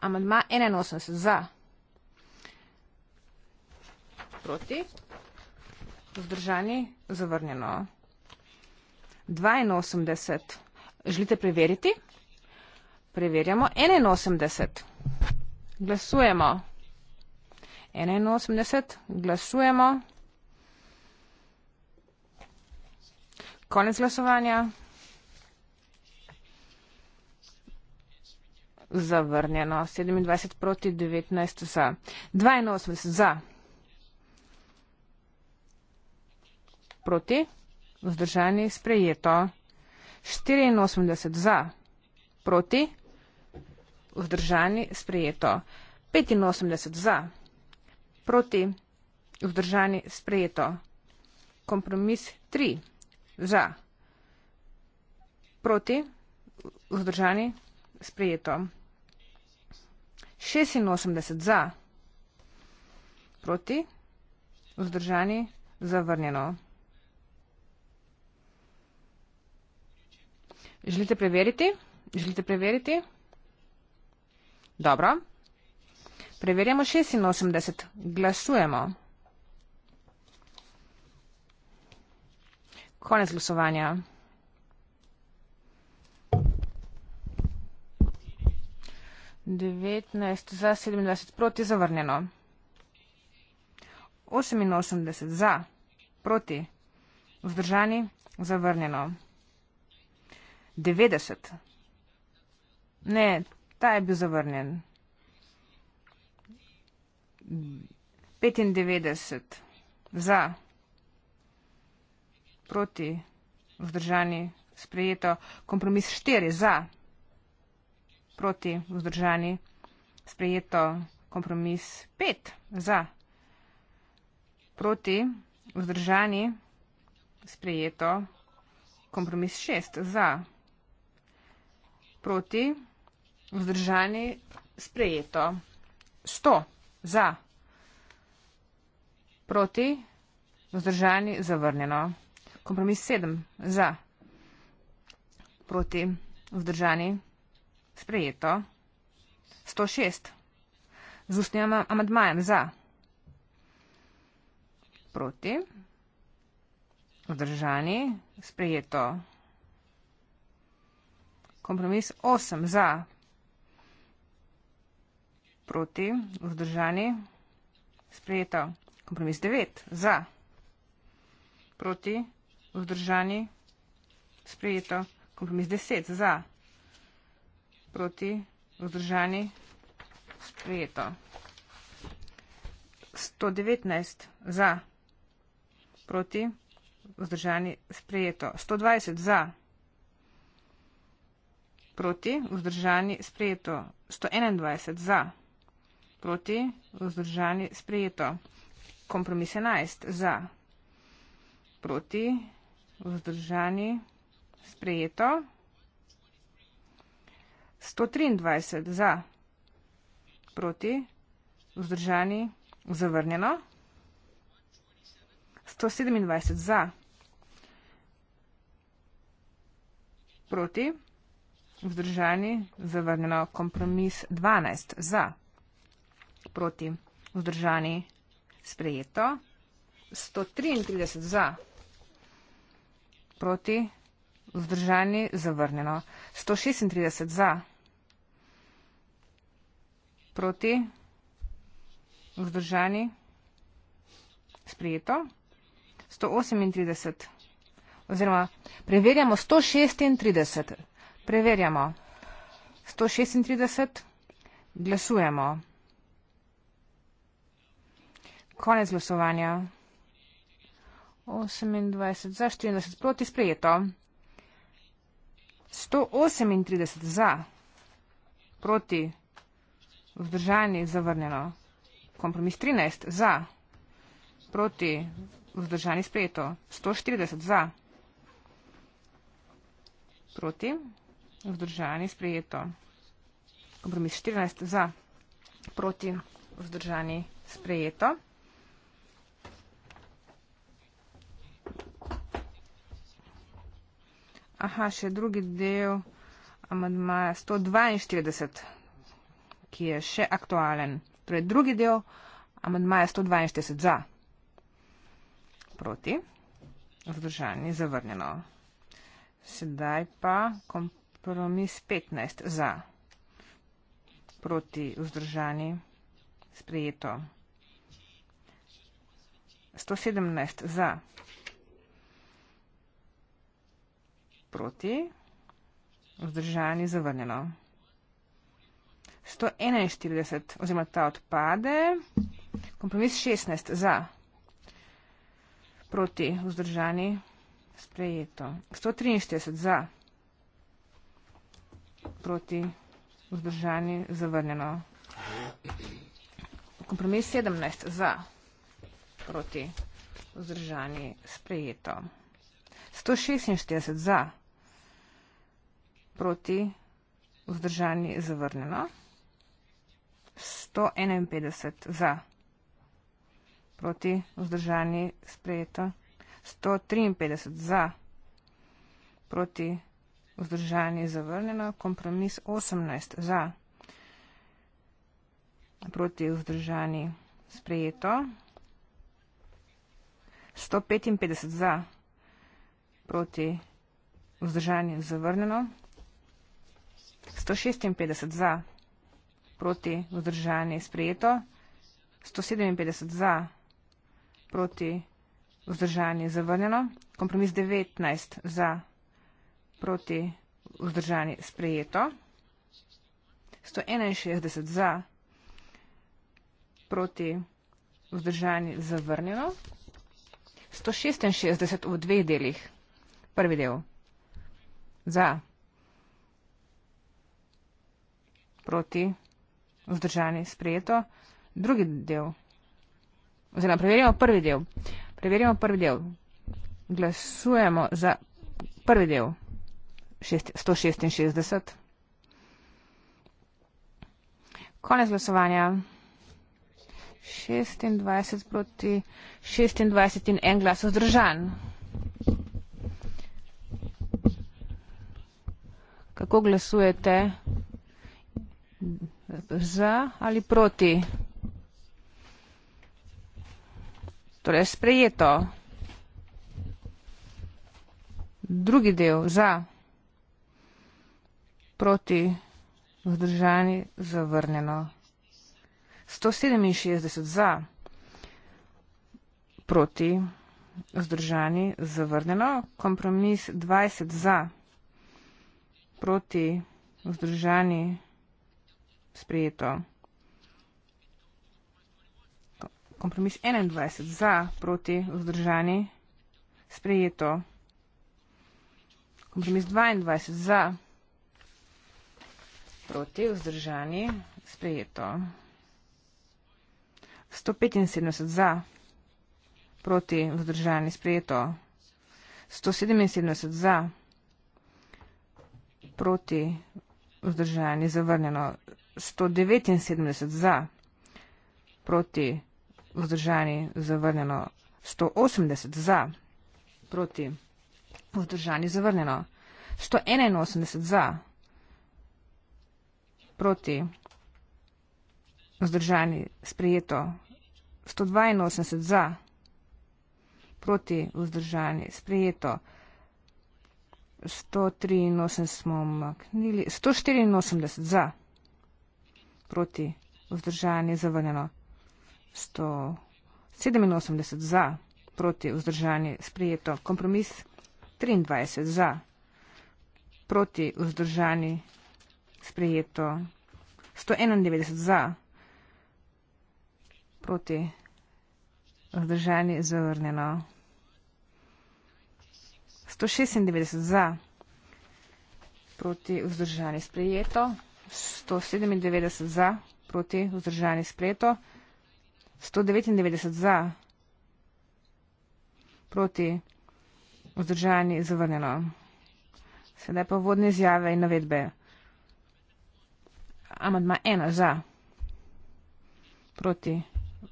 Amadma 81. Za. Proti. Vzdržani. Zavrnjeno. 82. Želite preveriti? Preverjamo 81. Glasujemo. 81. Glasujemo. Konec glasovanja. Zavrnjeno. 27 proti 19 za. 82 za. Proti. Vzdržani sprejeto. 84 za, proti, vzdržani, sprejeto. 85 za, proti, vzdržani, sprejeto. Kompromis 3, za, proti, vzdržani, sprejeto. 86 za, proti, vzdržani, zavrnjeno. Želite preveriti? Želite preveriti? Dobro. Preverjamo 86. Glasujemo. Konec glasovanja. devetnajst za sedemindvajset proti zavrnjeno oseminosemdeset za proti vzdržani zavrnjeno 90. Ne, ta je bil zavrnjen. 95 za, proti, vzdržani, sprejeto. Kompromis 4 za, proti, vzdržani, sprejeto. Kompromis 5 za, proti, vzdržani, sprejeto. Kompromis 6 za proti, vzdržani, sprejeto. 100 za, proti, vzdržani, zavrnjeno. Kompromis 7 za, proti, vzdržani, sprejeto. 106 z ustnim amadmajem za, proti, vzdržani, sprejeto. Kompromis 8 za, proti, vzdržani, sprejeto. Kompromis 9 za, proti, vzdržani, sprejeto. Kompromis 10 za, proti, vzdržani, sprejeto. 119 za, proti, vzdržani, sprejeto. 120 za, proti, vzdržani, sprejeto proti, vzdržani, sprejeto. 121 za, proti, vzdržani, sprejeto. Kompromis 11 za, proti, vzdržani, sprejeto. 123 za, proti, vzdržani, zavrnjeno. 127 za, proti, vzdržani, zavrnjeno. Vzdržani zavrnjeno kompromis 12 za. Proti vzdržani sprejeto. 133 za. Proti vzdržani zavrnjeno. 136 za. Proti vzdržani sprejeto. 138 oziroma preverjamo 136 Preverjamo. 136. Glasujemo. Konec glasovanja. 28 za, 24 proti, sprejeto. 138 za, proti, vzdržani, zavrnjeno. Kompromis 13 za, proti, vzdržani, sprejeto. 140 za, proti. Vzdržani sprejeto. Kompromis 14 za, proti vzdržani sprejeto. Aha, še drugi del amadmaja 142, ki je še aktualen. Torej, drugi del amadmaja 142 za, proti, vzdržani, zavrnjeno. Sedaj pa kompromis. Kompromis 15 za. Proti vzdržani. Sprejeto. 117 za. Proti. Vzdržani zavrnjeno. 141 oziroma ta odpade. Kompromis 16 za. Proti vzdržani. Sprejeto. 143 za proti vzdržani zavrnjeno. Kompromis 17 za proti vzdržani sprejeto. 146 za proti vzdržani zavrnjeno. 151 za proti vzdržani sprejeto. 153 za proti vzdržani sprejeto vzdržanje zavrnjeno, kompromis 18 za, proti vzdržanje sprejeto, 155 za, proti vzdržanje zavrnjeno, 156 za, proti vzdržanje sprejeto, 157 za, proti vzdržanje zavrnjeno, kompromis 19 za, proti vzdržanje sprejeto, proti vzdržani sprejeto. 161 za proti vzdržani zavrnjeno. 166 v dveh delih. Prvi del za proti vzdržani sprejeto. Drugi del, oziroma preverjamo prvi del. Preverjamo prvi del. Glasujemo za prvi del. 166. Konec glasovanja. 26 proti 26 in en glas vzdržan. Kako glasujete? Za ali proti? Torej, sprejeto. Drugi del za proti vzdržani zavrnjeno. 167 za proti vzdržani zavrnjeno. Kompromis 20 za proti vzdržani sprejeto. Kompromis 21 za proti vzdržani sprejeto. Kompromis 22 za proti, vzdržani, sprejeto. 175 za, proti, vzdržani, sprejeto. 177 za, proti, vzdržani, zavrnjeno. 179 za, proti, vzdržani, zavrnjeno. 180 za, proti, vzdržani, zavrnjeno. 181 za, proti vzdržani sprejeto, 182 za proti vzdržani sprejeto, 183 smo omaknili, 184 za proti vzdržani zavrnjeno, 187 za proti vzdržani sprejeto, kompromis 23 za proti vzdržani sprejeto 191 za, proti vzdržani zavrnjeno 196 za, proti vzdržani sprejeto 197 za, proti vzdržani sprejeto 199 za, proti vzdržani zavrnjeno. Sedaj pa vodne izjave in navedbe amandma ena za, proti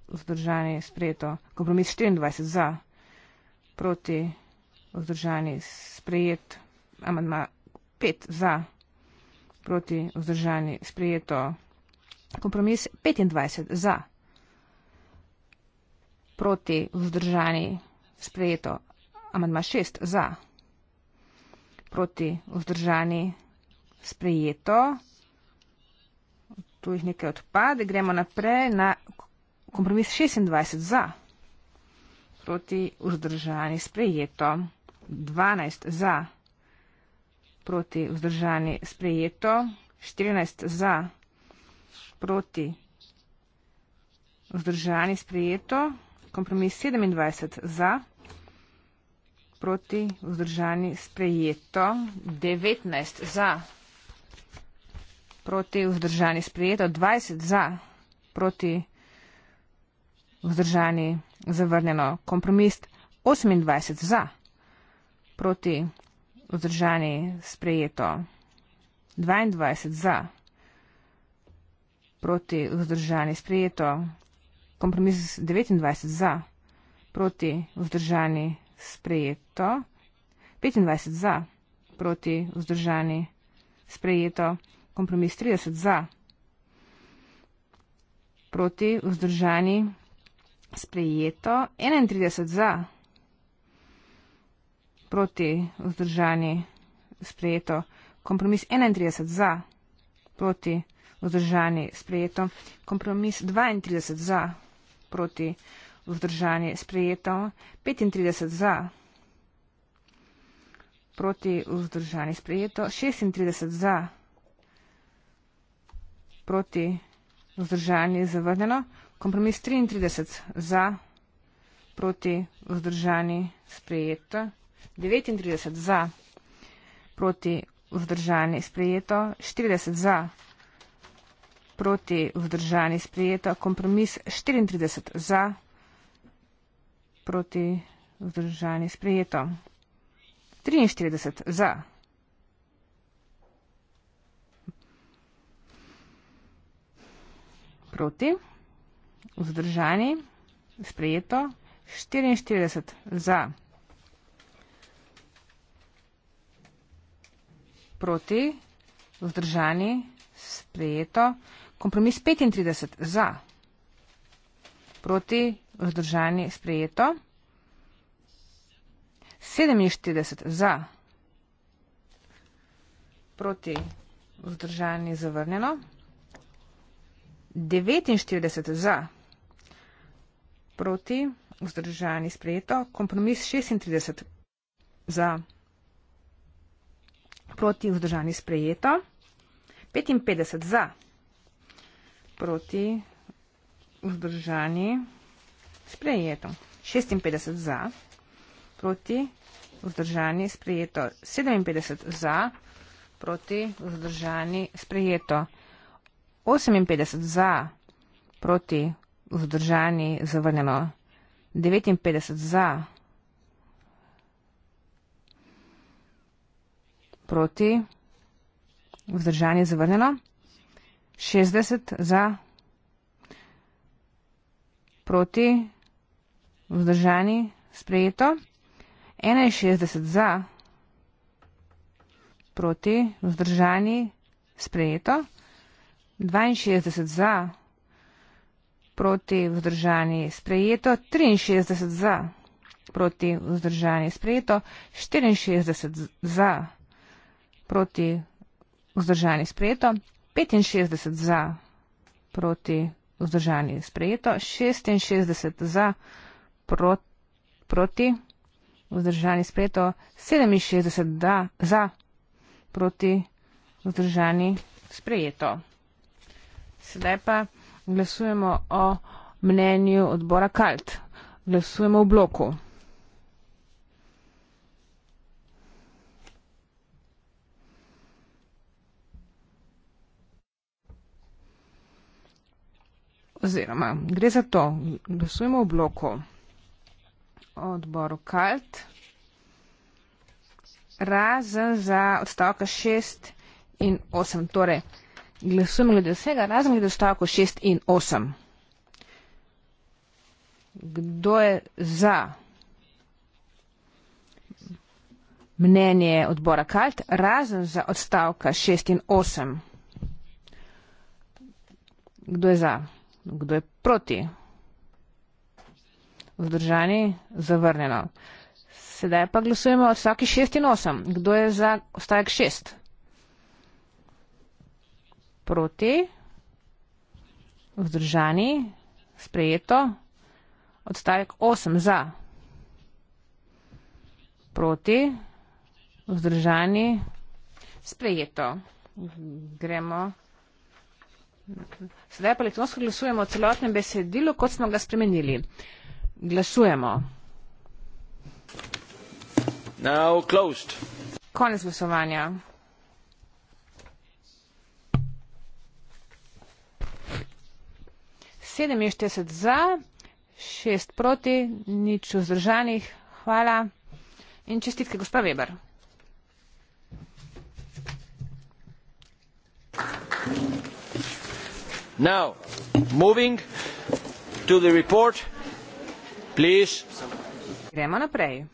vzdržani sprejeto, kompromis 24 za, proti vzdržani sprejet, amandma 5 za, proti vzdržani sprejeto, kompromis 25 za, proti vzdržani sprejeto, amandma 6 za, proti vzdržani sprejeto, amandma 6 za, tu jih nekaj odpade, gremo naprej na kompromis 26 za, proti vzdržani sprejeto, 12 za, proti vzdržani sprejeto, 14 za, proti vzdržani sprejeto, kompromis 27 za, proti vzdržani sprejeto, 19 za, proti vzdržani sprejeto, 19 za, proti vzdržani sprijeto, 20 za proti vzdržani zavrnjeno, kompromis 28 za proti vzdržani sprijeto, 22 za proti vzdržani sprijeto, kompromis 29 za proti vzdržani sprijeto, 25 za proti vzdržani sprijeto, kompromis 30 za, proti vzdržani sprejeto 31 za, proti vzdržani sprejeto kompromis 31 za, proti vzdržani sprejeto kompromis 32 za, proti vzdržani sprejeto 35 za. Proti vzdržani sprejeto 36 za proti vzdržani je zavrnjeno. Kompromis 33 za proti vzdržani sprejeto. 39 za proti vzdržani sprejeto. 40 za proti vzdržani sprejeto. Kompromis 34 za proti vzdržani sprejeto. 43 za proti vzdržani sprejeto. proti, vzdržani, sprejeto, 44 za, proti, vzdržani, sprejeto, kompromis 35 za, proti, vzdržani, sprejeto, 47 za, proti, vzdržani, zavrnjeno. 49 za, proti, vzdržani sprejeto, kompromis 36 za, proti, vzdržani sprejeto, 55 za, proti, vzdržani sprejeto, 56 za, proti, vzdržani sprejeto, 57 za, proti, vzdržani sprejeto. 58 za, proti, vzdržani, zavrnjeno. 59 za, proti, vzdržani, zavrnjeno. 60 za, proti, vzdržani, sprejeto. 61 za, proti, vzdržani, sprejeto. 62 za, proti vzdržani je sprejeto, 63 za, proti vzdržani je sprejeto, 64 za, proti vzdržani je sprejeto, 65 za, proti vzdržani je sprejeto, 66 za, proti, proti vzdržani je sprejeto, 67 da, za, proti vzdržani je sprejeto. Sedaj pa glasujemo o mnenju odbora Kalt. Glasujemo v bloku. Oziroma, gre za to, glasujemo v bloku o odboru Kalt, razen za odstavka 6 in 8. Torej, Glasujemo glede vsega, razen glede stavkov 6 in 8. Kdo je za mnenje odbora Kalt, razen za odstavka 6 in 8? Kdo je za? Kdo je proti? Vzdržani? Zavrnjeno. Sedaj pa glasujemo odstavki 6 in 8. Kdo je za odstavek 6? proti, vzdržani, sprejeto, odstavek 8 za, proti, vzdržani, sprejeto. Gremo. Sedaj pa elektronsko glasujemo o celotnem besedilu, kot smo ga spremenili. Glasujemo. Konec glasovanja. 47 za, 6 proti, nič vzdržanih. Hvala in čestitke, gospa Weber. Now, moving to the report, please. Gremo naprej.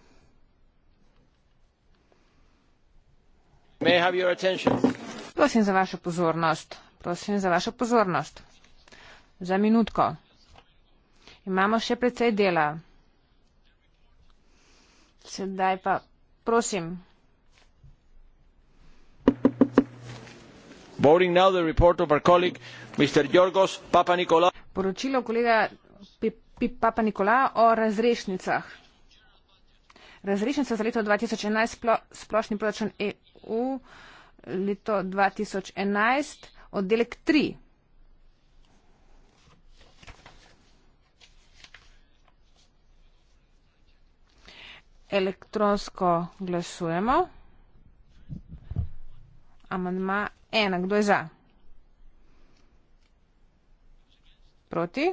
May I have your attention? Prosim za vašo pozornost. Prosim za vašo pozornost za minutko. Imamo še precej dela. Sedaj pa, prosim. Voting now the report of our colleague, Mr. Jorgos Papanikola. Poročilo kolega Papanikola o razrešnicah. Razrešnica za leto 2011 splo, splošni proračun EU, leto 2011, oddelek 3. elektronsko glasujemo. Amandma ena, kdo je za? Proti?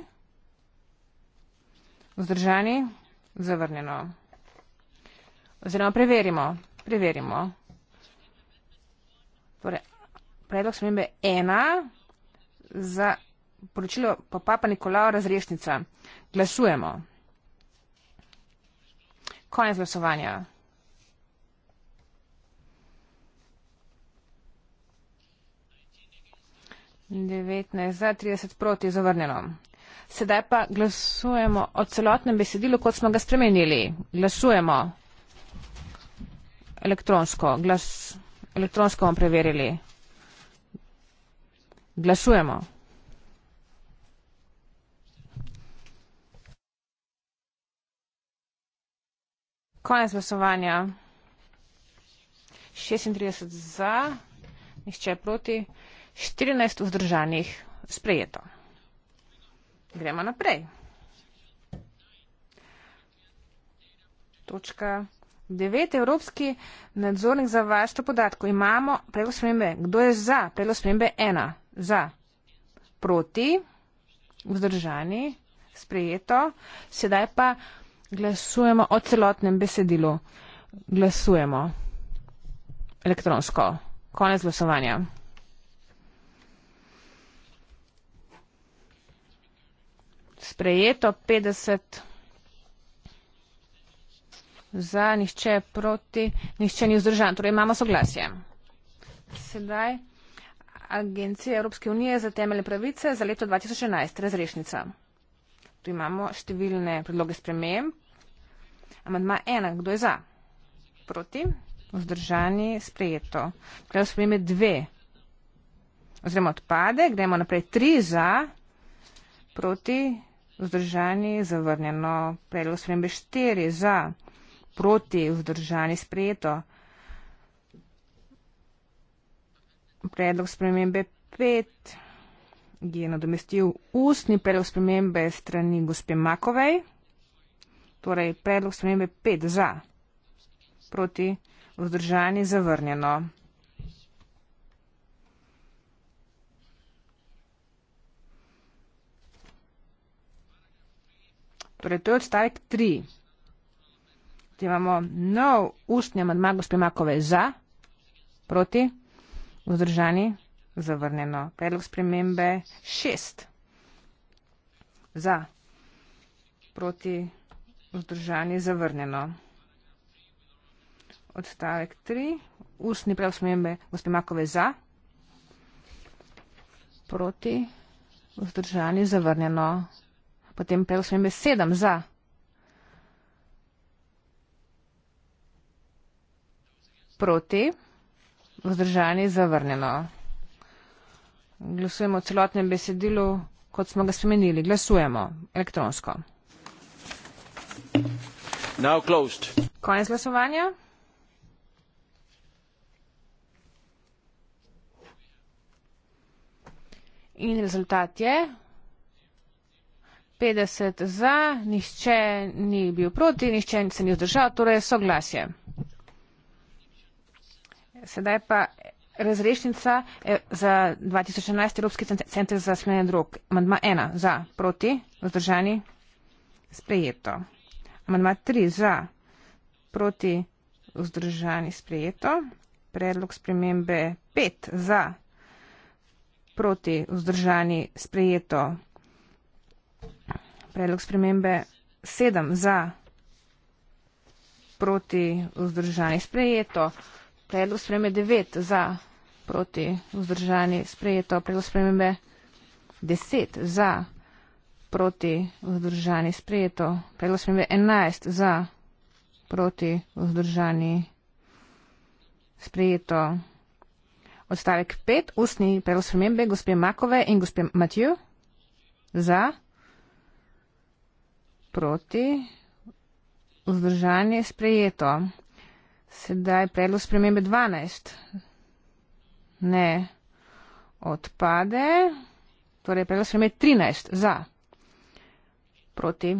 Vzdržani? Zavrnjeno. Oziroma preverimo, preverimo. Torej, predlog smembe ena za poročilo popapa Nikolao razrešnica. Glasujemo. Glasujemo. Koniec głosowania. Devetnajst za, trideset proti, zavrnjeno. Sedaj pa glasujemo o celotnem besedilu, kot smo ga spremenili. Glasujemo elektronsko. Glas, elektronsko bomo preverili. Glasujemo. Konec glasovanja. 36 za, nihče proti, 14 vzdržanih sprejeto. Gremo naprej. Točka 9. Evropski nadzornik za varstvo podatkov. Imamo predlog spremembe. Kdo je za? Predlog spremembe 1. Za. Proti. Vzdržani. Sprejeto. Sedaj pa Glasujemo o celotnem besedilu. Glasujemo elektronsko. Konec glasovanja. Sprejeto 50 za, nišče proti, nišče ni vzdržan. Torej imamo soglasje. Sedaj Agencija Evropske unije za temelje pravice za leto 2011. Razrešnica. Tu imamo številne predloge spremem. Amadma ena, kdo je za? Proti? Vzdržani sprejeto. Predlog spreme dve. Oziroma odpade, gremo naprej tri za, proti, vzdržani, zavrnjeno. Predlog spreme štiri za, proti, vzdržani sprejeto. Predlog spremembe 5, je nadomestil ustni predlog spremembe strani gospe Makovej. Torej, predlog spremembe 5 za, proti vzdržani zavrnjeno. Torej, to je odstavek 3. Te imamo nov ustni amadma gospe Makove za, proti vzdržani zavrnjeno. Zavrnjeno. Predlog spremembe šest. Za. Proti. Vzdržani. Zavrnjeno. Odstavek tri. Ustni predlog spremembe gospe Makove za. Proti. Vzdržani. Zavrnjeno. Potem predlog spremembe sedem. Za. Proti. Vzdržani. Zavrnjeno. Glasujemo o celotnem besedilu, kot smo ga spomenili. Glasujemo elektronsko. Konec glasovanja. In rezultat je 50 za, nišče ni bil proti, nišče se ni vzdržal, torej soglasje. Sedaj pa razrešnica e, za 2011 Evropski center za smenje drog. Amandma 1 za, proti, vzdržani, sprejeto. Amandma 3 za, proti, vzdržani, sprejeto. Predlog spremembe 5 za, proti, vzdržani, sprejeto. Predlog spremembe 7 za, proti, vzdržani, sprejeto predlog spreme 9 za proti vzdržanje sprejeto, predlog spreme 10 za proti vzdržanje sprejeto, predlog spreme 11 za proti vzdržanje sprejeto. Odstavek 5, ustni predlog spremembe gospe Makove in gospe Matiju za proti vzdržanje sprejeto. Sedaj predlog spremembe 12. Ne. Odpade. Torej predlog spremembe 13. Za. Proti.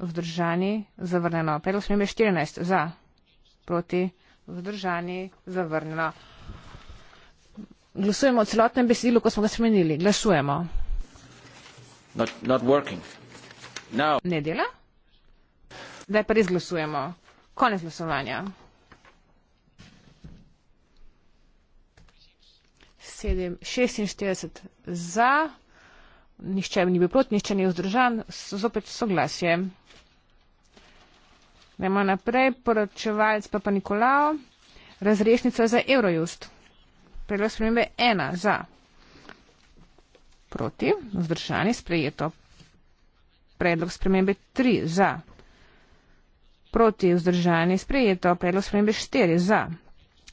Vzdržani. Zavrnjeno. Predlog spremembe 14. Za. Proti. Vzdržani. Zavrnjeno. Glasujemo o celotnem besedilu, ko smo ga spremenili. Glasujemo. Not, not ne dela? Zdaj pa res glasujemo. Konec glasovanja. 7, 46 za, nišče ni bil proti, nišče ni vzdržan, so zopet soglasje. Gremo naprej, poročevalec Papa Nikolao, razrešnica za Eurojust. Predlog spremembe 1 za, proti, vzdržani, sprejeto. Predlog spremembe 3 za, proti, vzdržani, sprejeto. Predlog spremembe 4 za,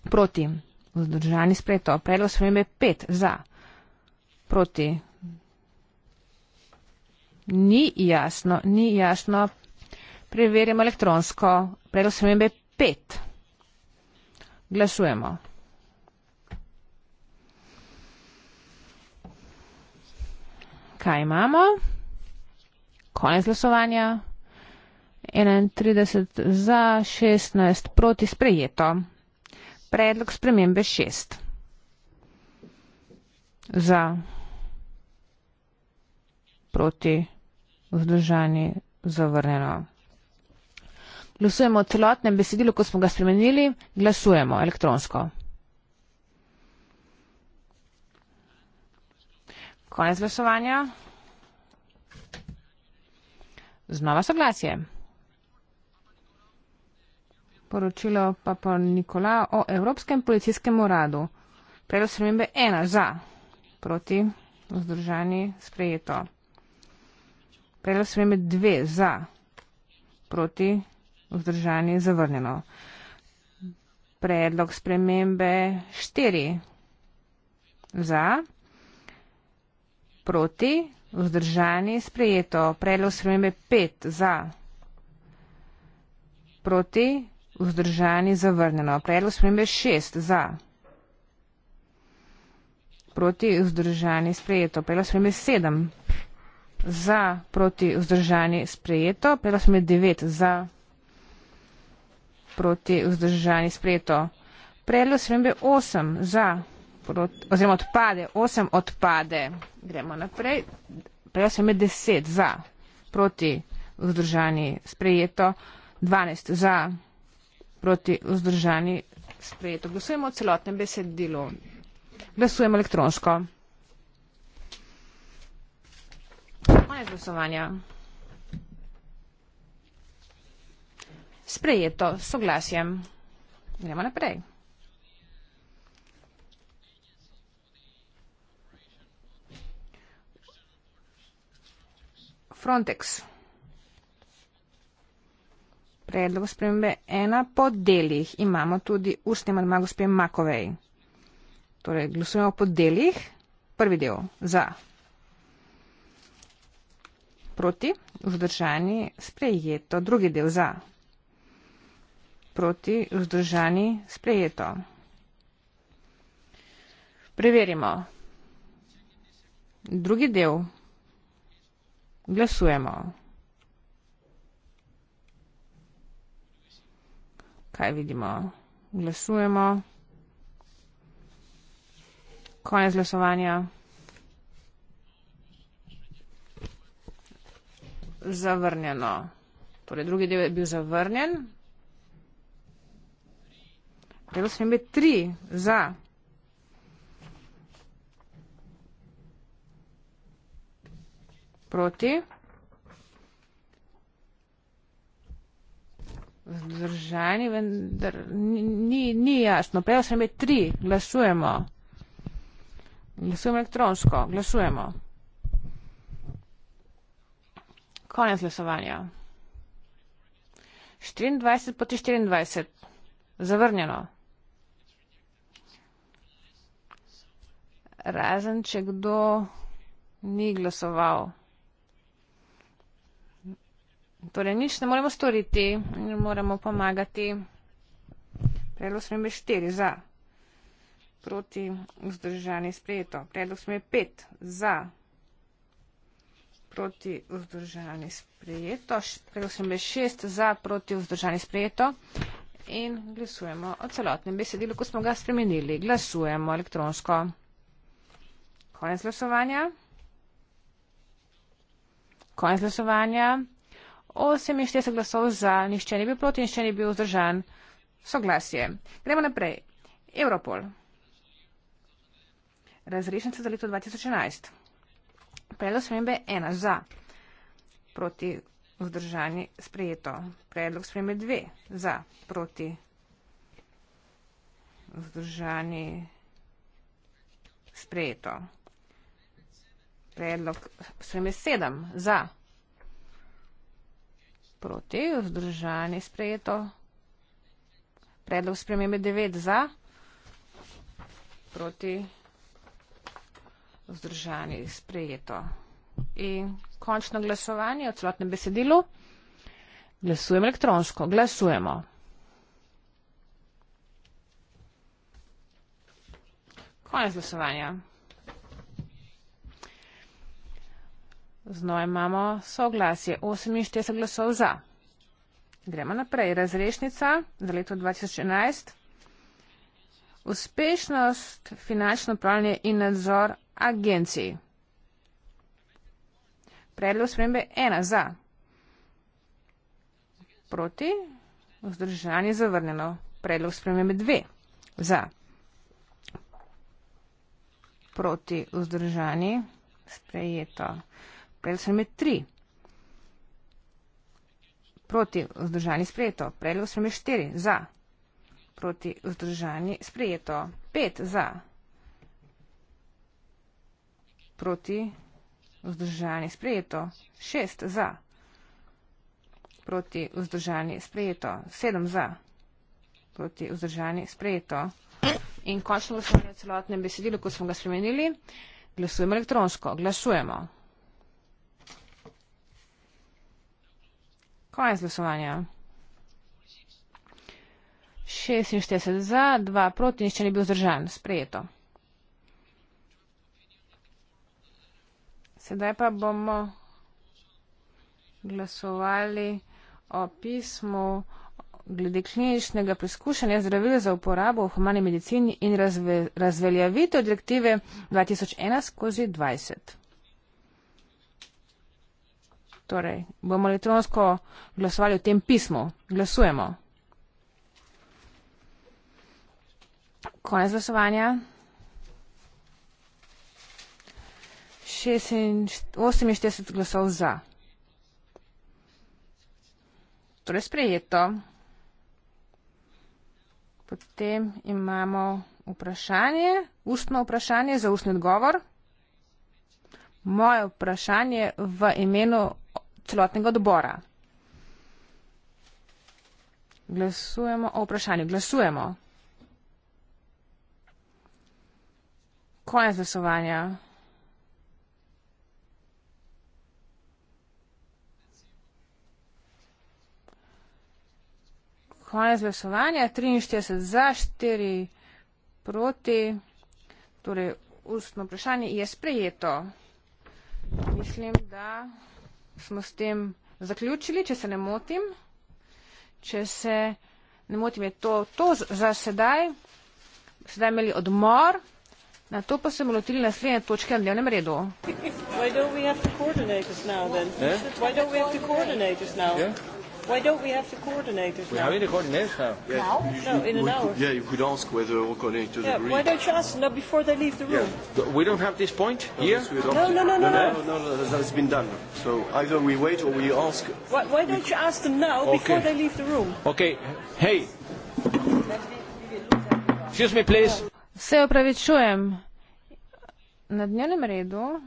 proti, vzdržani vzdržani sprejeto. Predlog spremembe 5 za, proti. Ni jasno, ni jasno. Preverjamo elektronsko. Predlog spremembe 5. Glasujemo. Kaj imamo? Konec glasovanja. 31 za, 16 proti sprejeto predlog spremembe šest. Za, proti, vzdržani, zavrnjeno. Glasujemo o celotnem besedilu, ko smo ga spremenili, glasujemo elektronsko. Konec glasovanja. Znova soglasje poročilo papa Nikola o Evropskem policijskem uradu. Predlog spremembe ena za, proti, vzdržani, sprejeto. Predlog spremembe dve za, proti, vzdržani, zavrnjeno. Predlog spremembe štiri za, proti, vzdržani, sprejeto. Predlog spremembe pet za, proti, Vzdržani zavrnjeno. Predlog spremembe šest za. Proti vzdržani sprejeto. Predlog spremembe sedem za. Proti vzdržani sprejeto. Predlog spremembe devet za. Proti vzdržani sprejeto. Predlog spremembe osem za. Proti, oziroma odpade. Osem odpade. Gremo naprej. Predlog spremembe deset za. Proti vzdržani sprejeto. Dvanajst za proti vzdržani sprejeto. Glasujemo o celotnem besedilu. Glasujemo elektronsko. Moje glasovanja. Sprejeto s soglasjem. Gremo naprej. Frontex predlog spremembe ena po delih. Imamo tudi ustni amadma gospe Makovej. Torej, glasujemo po delih. Prvi del za. Proti. Vzdržani. Sprejeto. Drugi del za. Proti. Vzdržani. Sprejeto. Preverimo. Drugi del. Glasujemo. kaj vidimo. Glasujemo. Konec glasovanja. Zavrnjeno. Torej, drugi del je bil zavrnjen. Prelo smo imeli tri za. Proti. vzdržani, vendar ni, ni jasno. Prej sem je tri, glasujemo. Glasujemo elektronsko, glasujemo. Konec glasovanja. 24 proti 24. Zavrnjeno. Razen, če kdo ni glasoval. Torej, nič ne moremo storiti, ne moremo pomagati. Predlog smeje 4 za, proti vzdržanje sprejeto. Predlog smeje 5 za, proti vzdržanje sprejeto. Predlog smeje 6 za, proti vzdržanje sprejeto. In glasujemo o celotnem besedilu, ko smo ga spremenili. Glasujemo elektronsko. Konec glasovanja. Konec glasovanja. 48 glasov za, nišče ni bil proti, nišče ni bil vzdržan. Soglasje. Gremo naprej. Europol. Razrešnica za leto 2011. Predlog spremembe 1 za, proti vzdržani sprejeto. Predlog spremembe 2 za, proti vzdržani sprejeto. Predlog spremembe 7 za, proti vzdržani sprejeto proti, vzdržani sprejeto. Predlog spremembe 9 za, proti, vzdržani sprejeto. In končno glasovanje o celotnem besedilu. Glasujem elektronsko. Glasujemo. Konec glasovanja. Z njo imamo soglasje 48 glasov za. Gremo naprej. Razrešnica za leto 2011. Uspešnost finančno upravljanje in nadzor agencij. Predlog spremembe 1 za. Proti. Vzdržanje zavrnjeno. Predlog spremembe 2 za. Proti. Vzdržanje sprejeto. Predlog sem med tri. Proti vzdržani sprejeto. Predlog sem med štiri. Za. Proti vzdržani sprejeto. Pet. Za. Proti vzdržani sprejeto. Šest. Za. Proti vzdržani sprejeto. Sedem. Za. Proti vzdržani sprejeto. In končno smo na celotnem besedilu, ko smo ga spremenili. Glasujemo elektronsko. Glasujemo. Konec glasovanja. 46 za, 2 proti, nišče ni bil zdržan. Sprejeto. Sedaj pa bomo glasovali o pismu glede kliničnega preskušanja zdravil za uporabo v humani medicini in razve, razveljavitev direktive 2001 skozi 20. Torej, bomo elektronsko glasovali v tem pismu. Glasujemo. Konec glasovanja. 68 glasov za. Torej, sprejeto. Potem imamo vprašanje, ustno vprašanje za ustni odgovor. Moje vprašanje v imenu celotnega odbora. Glasujemo o vprašanju. Glasujemo. Konec glasovanja. Konec glasovanja. 43 za, 4 proti. Torej, ustno vprašanje je sprejeto. Mislim, da smo s tem zaključili, če se ne motim. Če se ne motim, je to, to za sedaj. Sedaj imeli odmor. Na to pa se bomo lotili naslednje točke na dnevnem redu. Zakaj moramo koordinatorje zdaj? Zakaj moramo koordinatorje zdaj? Why don't we have the coordinators now? We have the coordinators now. Yeah. Now? You, you, no, in an hour. Could, yeah, you could ask whether all coordinators yeah, agree. Why don't you ask no, before they leave the room? Yeah. We don't have this point no, here? No no no no no, no, no, no, no. no, no, no, that's been done. So either we wait or we ask. Why, why don't we, you ask them now okay. before they leave the room? Okay. Hey. Excuse me, please. Все, опровечуем. На дневном ряду.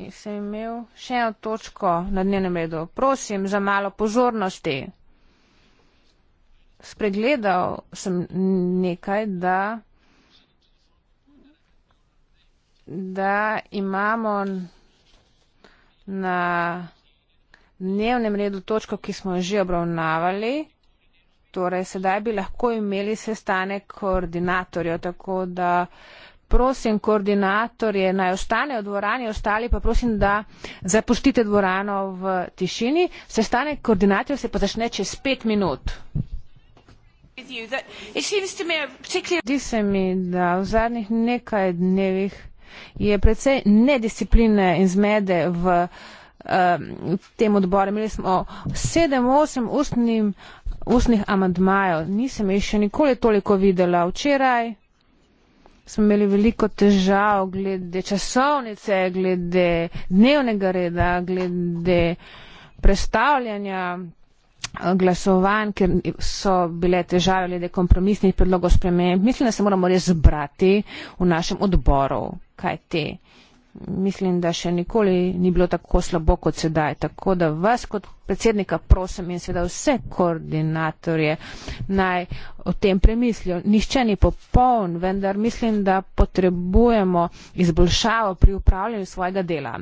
In sem imel še eno točko na dnevnem redu. Prosim za malo pozornosti. Spregledal sem nekaj, da, da imamo na dnevnem redu točko, ki smo jo že obravnavali. Torej, sedaj bi lahko imeli sestanek koordinatorjev, tako da uh, prosim koordinatorje naj ostanejo v dvorani, ostali pa prosim, da zapustite dvorano v tišini. Sestanek koordinatorjev se pa začne čez pet minut. Zdi se mi, da v zadnjih nekaj dnevih je precej nediscipline in zmede v uh, tem odboru. Imeli smo sedem, osem ustnih amandmajev. Nisem jih še nikoli toliko videla včeraj smo imeli veliko težav glede časovnice, glede dnevnega reda, glede predstavljanja eh, glasovanj, ker so bile težave glede kompromisnih predlogov spremenjen. Mislim, da se moramo res zbrati v našem odboru, kaj te mislim, da še nikoli ni bilo tako slabo kot sedaj. Tako da vas kot predsednika prosim in seveda vse koordinatorje naj o tem premislijo. Nišče ni popoln, vendar mislim, da potrebujemo izboljšavo pri upravljanju svojega dela.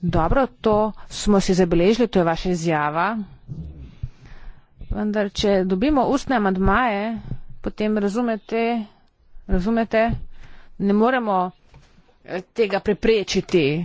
Dobro, to smo si zabeležili, to je vaša izjava. Vendar, če dobimo ustne amadmaje, potem razumete, razumete, ne moremo tega preprečiti.